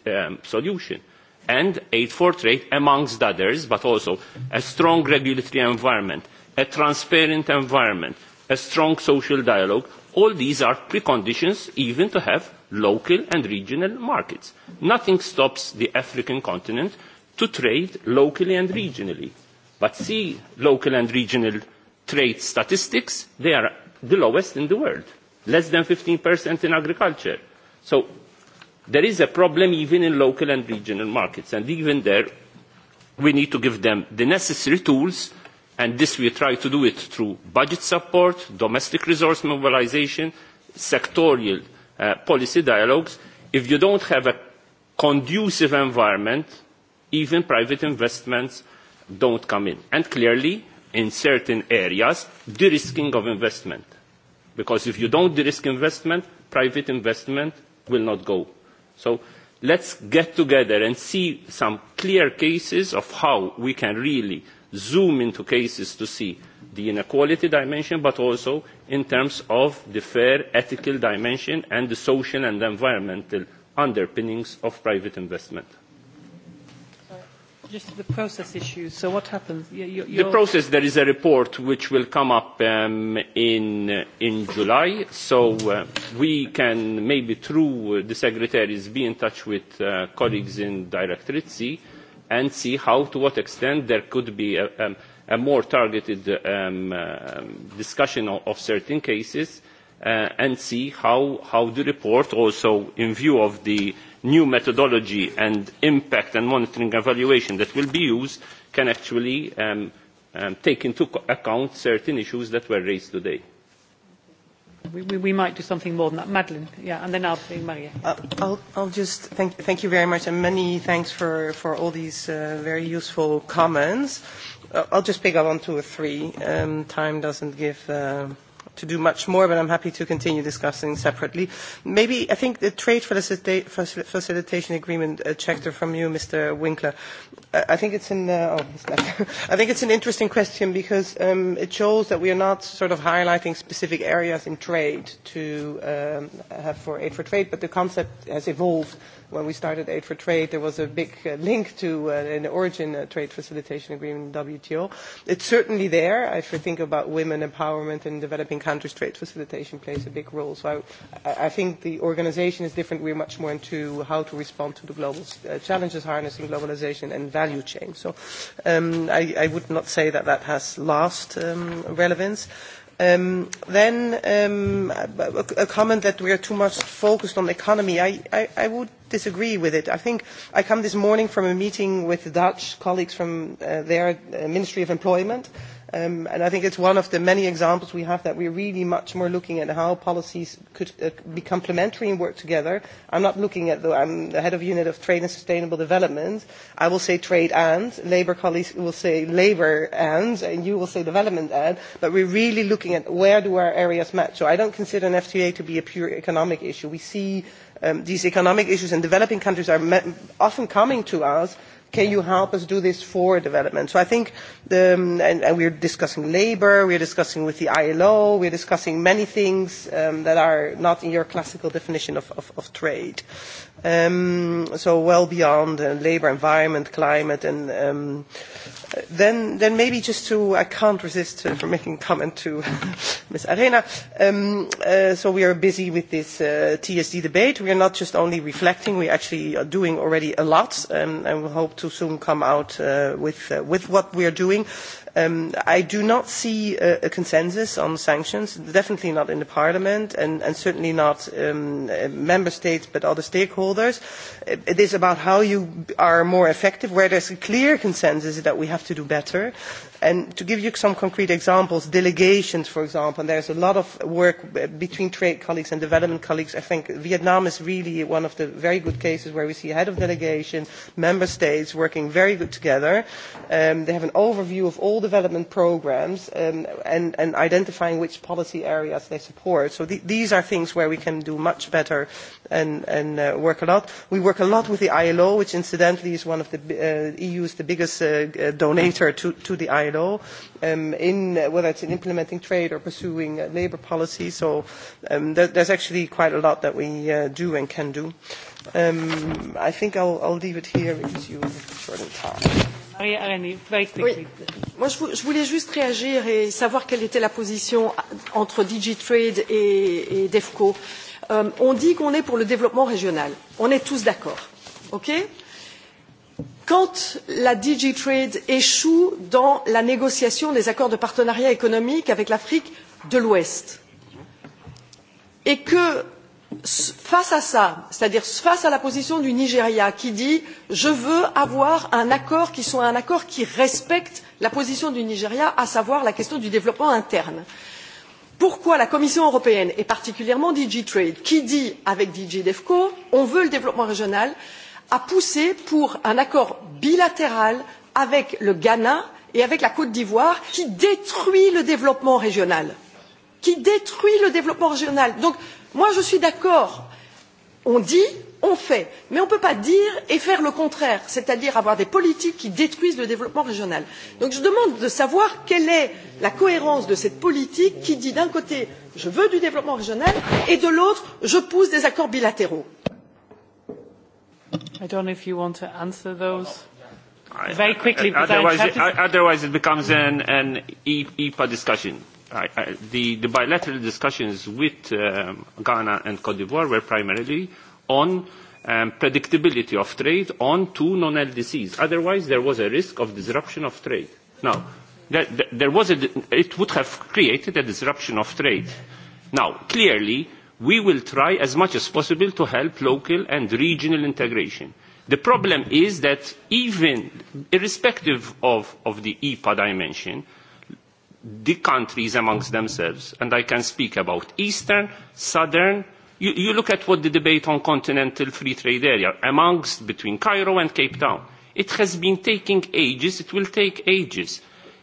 C: um, solution. And aid for trade, amongst others, but also a strong regulatory environment, a transparent environment, a strong social dialogue, all these are preconditions even to have local and regional markets. Nothing stops the African continent to trade locally and regionally. But see local and regional trade statistics, they are the lowest in the world, less than 15% in agriculture. So There is a problem even in local and regional markets, and even there we need to give them the necessary tools, and this we try to do it through budget support, domestic resource mobilisation, sectorial uh, policy dialogues. If you don't have a conducive environment, even private investments don't come in. And clearly, in certain areas, de-risking of investment. Because if you don't de-risk investment, private investment will not go So let's get together and see some clear cases of how we can really zoom into cases to see the inequality dimension, but also in terms of the fair ethical dimension and the social and environmental underpinnings of private investment.
A: Just the process issue. So what happens? You're, you're... The process.
C: There is a report which will come up um, in in July. So uh, we can maybe through the secretaries be in touch with uh, colleagues in Directorate C and see how to what extent there could be a, um, a more targeted um, um, discussion of, of certain cases and see how, how the report also, in view of the new methodology and impact and monitoring evaluation that will be used, can actually take into account certain issues that were raised today.
A: We,
D: we, we might do something more than that. Madeline,
A: yeah, and then I'll bring
D: Maria. I'll, I'll just thank, thank you very much, and many thanks for, for all these uh, very useful comments. I'll just pick up on two or three. Um, time doesn't give... Uh, to do much more, but I'm happy to continue discussing separately. Maybe I think the trade facilita- facilitation agreement uh, chapter from you, Mr. Winkler. I think it's an uh, oh, I think it's an interesting question because um, it shows that we are not sort of highlighting specific areas in trade to um, have for aid for trade, but the concept has evolved when we started Aid for Trade, there was a big uh, link to uh, an origin uh, trade facilitation agreement, WTO. It's certainly there. If you think about women empowerment in developing countries, trade facilitation plays a big role. So I, I think the organization is different. We're much more into how to respond to the global uh, challenges, harnessing globalization and value chain. So um, I, I would not say that that has lost um, relevance then a comment that we are too much focused on the economy. I, I, I would disagree with it. I think I come this morning from a meeting with Dutch colleagues from their Ministry of Employment, Um, and I think it's one of the many examples we have that we're really much more looking at how policies could uh, be complementary and work together. I'm not looking at, the, I'm the head of unit of trade and sustainable development. I will say trade and, labour colleagues will say labour and, and you will say development and, but we're really looking at where do our areas match. So I don't consider an FTA to be a pure economic issue. We see um, these economic issues in developing countries are often coming to us can you help us do this for development? So I think, the, um, and, and we're discussing labor, we're discussing with the ILO, we're discussing many things um, that are not in your classical definition of, of, of trade so well beyond labour, environment, climate, and then then maybe just to I can't resist uh, from making a comment to Ms. Arena. so we are busy with this TSD debate. We are not just only reflecting; we actually are doing already a lot, and we hope to soon come out with with what we are doing I do not see a, consensus on sanctions, definitely not in Parliament and, certainly not member states but other stakeholders. It is about how you are more effective, where there is a clear consensus that we have to do better And to give you some concrete examples, delegations, for example, and there's a lot of work between trade colleagues and development colleagues. I think Vietnam is really one of the very good cases where we see head of delegation, member states working very good together. Um, they have an overview of all development programs um, and, and identifying which policy areas they support. So th these are things where we can do much better and, and uh, work a lot. We work a lot with the ILO, which incidentally is one of the uh, EU's the biggest uh, donator to, to the ILO ILO, um, in, uh, whether it's in implementing trade or pursuing uh, labour policy. So um, there, there's actually quite a lot that we uh, do and can do. Um, I think I'll, I'll leave it here because you have a short in
G: Oui, Moi, je voulais juste réagir et savoir quelle était la position entre DigiTrade et, et DEFCO. Euh, on dit qu'on est pour le développement régional. On est tous d'accord. Okay quand la dg trade échoue dans la négociation des accords de partenariat économique avec l'afrique de l'ouest et que face à cela c'est à dire face à la position du nigeria qui dit je veux avoir un accord qui soit un accord qui respecte la position du nigeria à savoir la question du développement interne pourquoi la commission européenne et particulièrement dg trade qui dit avec dg devco on veut le développement régional a poussé pour un accord bilatéral avec le ghana et avec la côte d'ivoire qui détruit le développement régional qui détruit le développement régional. donc moi je suis d'accord on dit on fait mais on ne peut pas dire et faire le contraire c'est à dire avoir des politiques qui détruisent le développement régional. donc je demande de savoir quelle est la cohérence de cette politique qui dit d'un côté je veux du développement régional et de l'autre je pousse des accords bilatéraux.
A: I don't know if you want to answer those
C: very quickly. Because otherwise, I have to... otherwise it becomes an, an EPA discussion. I, I, the, the bilateral discussions with um, Ghana and Cote d'Ivoire were primarily on um, predictability of trade on two non-LDCs. Otherwise, there was a risk of disruption of trade. Now, there, there was a, it would have created a disruption of trade. Now, clearly, we will try as much as possible to help local and regional integration. The problem is that even irrespective of, of the EPA dimension, the countries amongst themselves, and I can speak about Eastern, Southern, you, you look at what the debate on continental free trade area amongst between Cairo and Cape Town. It has been taking ages, it will take ages.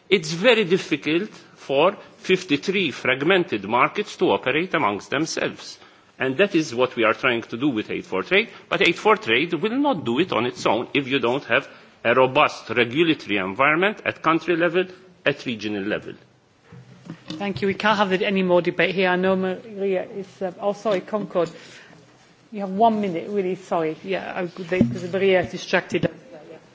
C: It's very difficult for fifty three fragmented markets to operate amongst themselves. And that is what we are trying to do with aid for trade, but aid for trade will not do it on its own if you don't have a robust regulatory environment at country level, at regional level.
A: Thank you. We can't have any more debate here. I know Maria is... Uh, oh, sorry, Concord. You have one minute, really, sorry. Yeah, because Maria distracted
E: us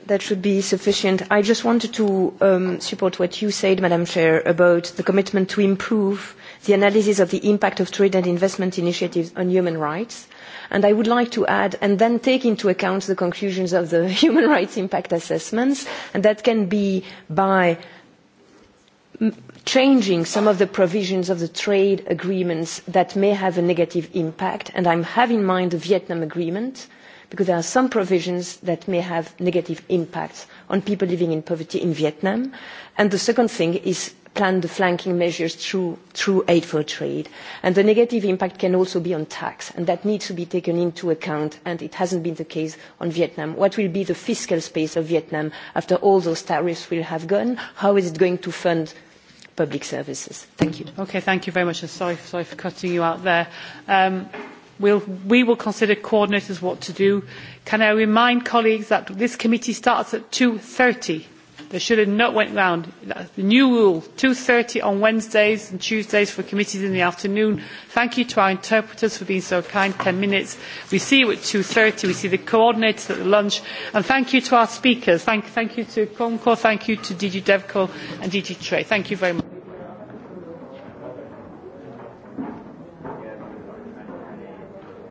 E: That should be sufficient. I just wanted to um, support what you said, Madam Chair, about the commitment to improve the analysis of the impact of trade and investment initiatives on human rights. And I would like to add, and then take into account the conclusions of the human rights impact assessments, and that can be by changing some of the provisions of the trade agreements that may have a negative impact. And I have in mind the Vietnam Agreement, because there are some provisions that may have negative impacts on people living in poverty in Vietnam. And the second thing is plan the flanking measures through, through aid for trade. And the negative impact can also be on tax, and that needs to be taken into account, and it hasn't been the case on Vietnam. What will be the fiscal space of Vietnam after all those tariffs will have gone? How is it going to fund public services? Thank you. Okay,
A: thank you very much. Sorry, sorry for cutting you out there. Um, we will consider coordinators what to do. Can I remind colleagues that this committee starts at two thirty? They should have not went round. The new rule, two thirty on Wednesdays and Tuesdays for committees in the afternoon. Thank you to our interpreters for being so kind, ten minutes. We see you at two thirty. We see the coordinators at the lunch. And thank you to our speakers. Thank, you to Concor, thank you to DG DevCo and DG Trade. Thank you very much.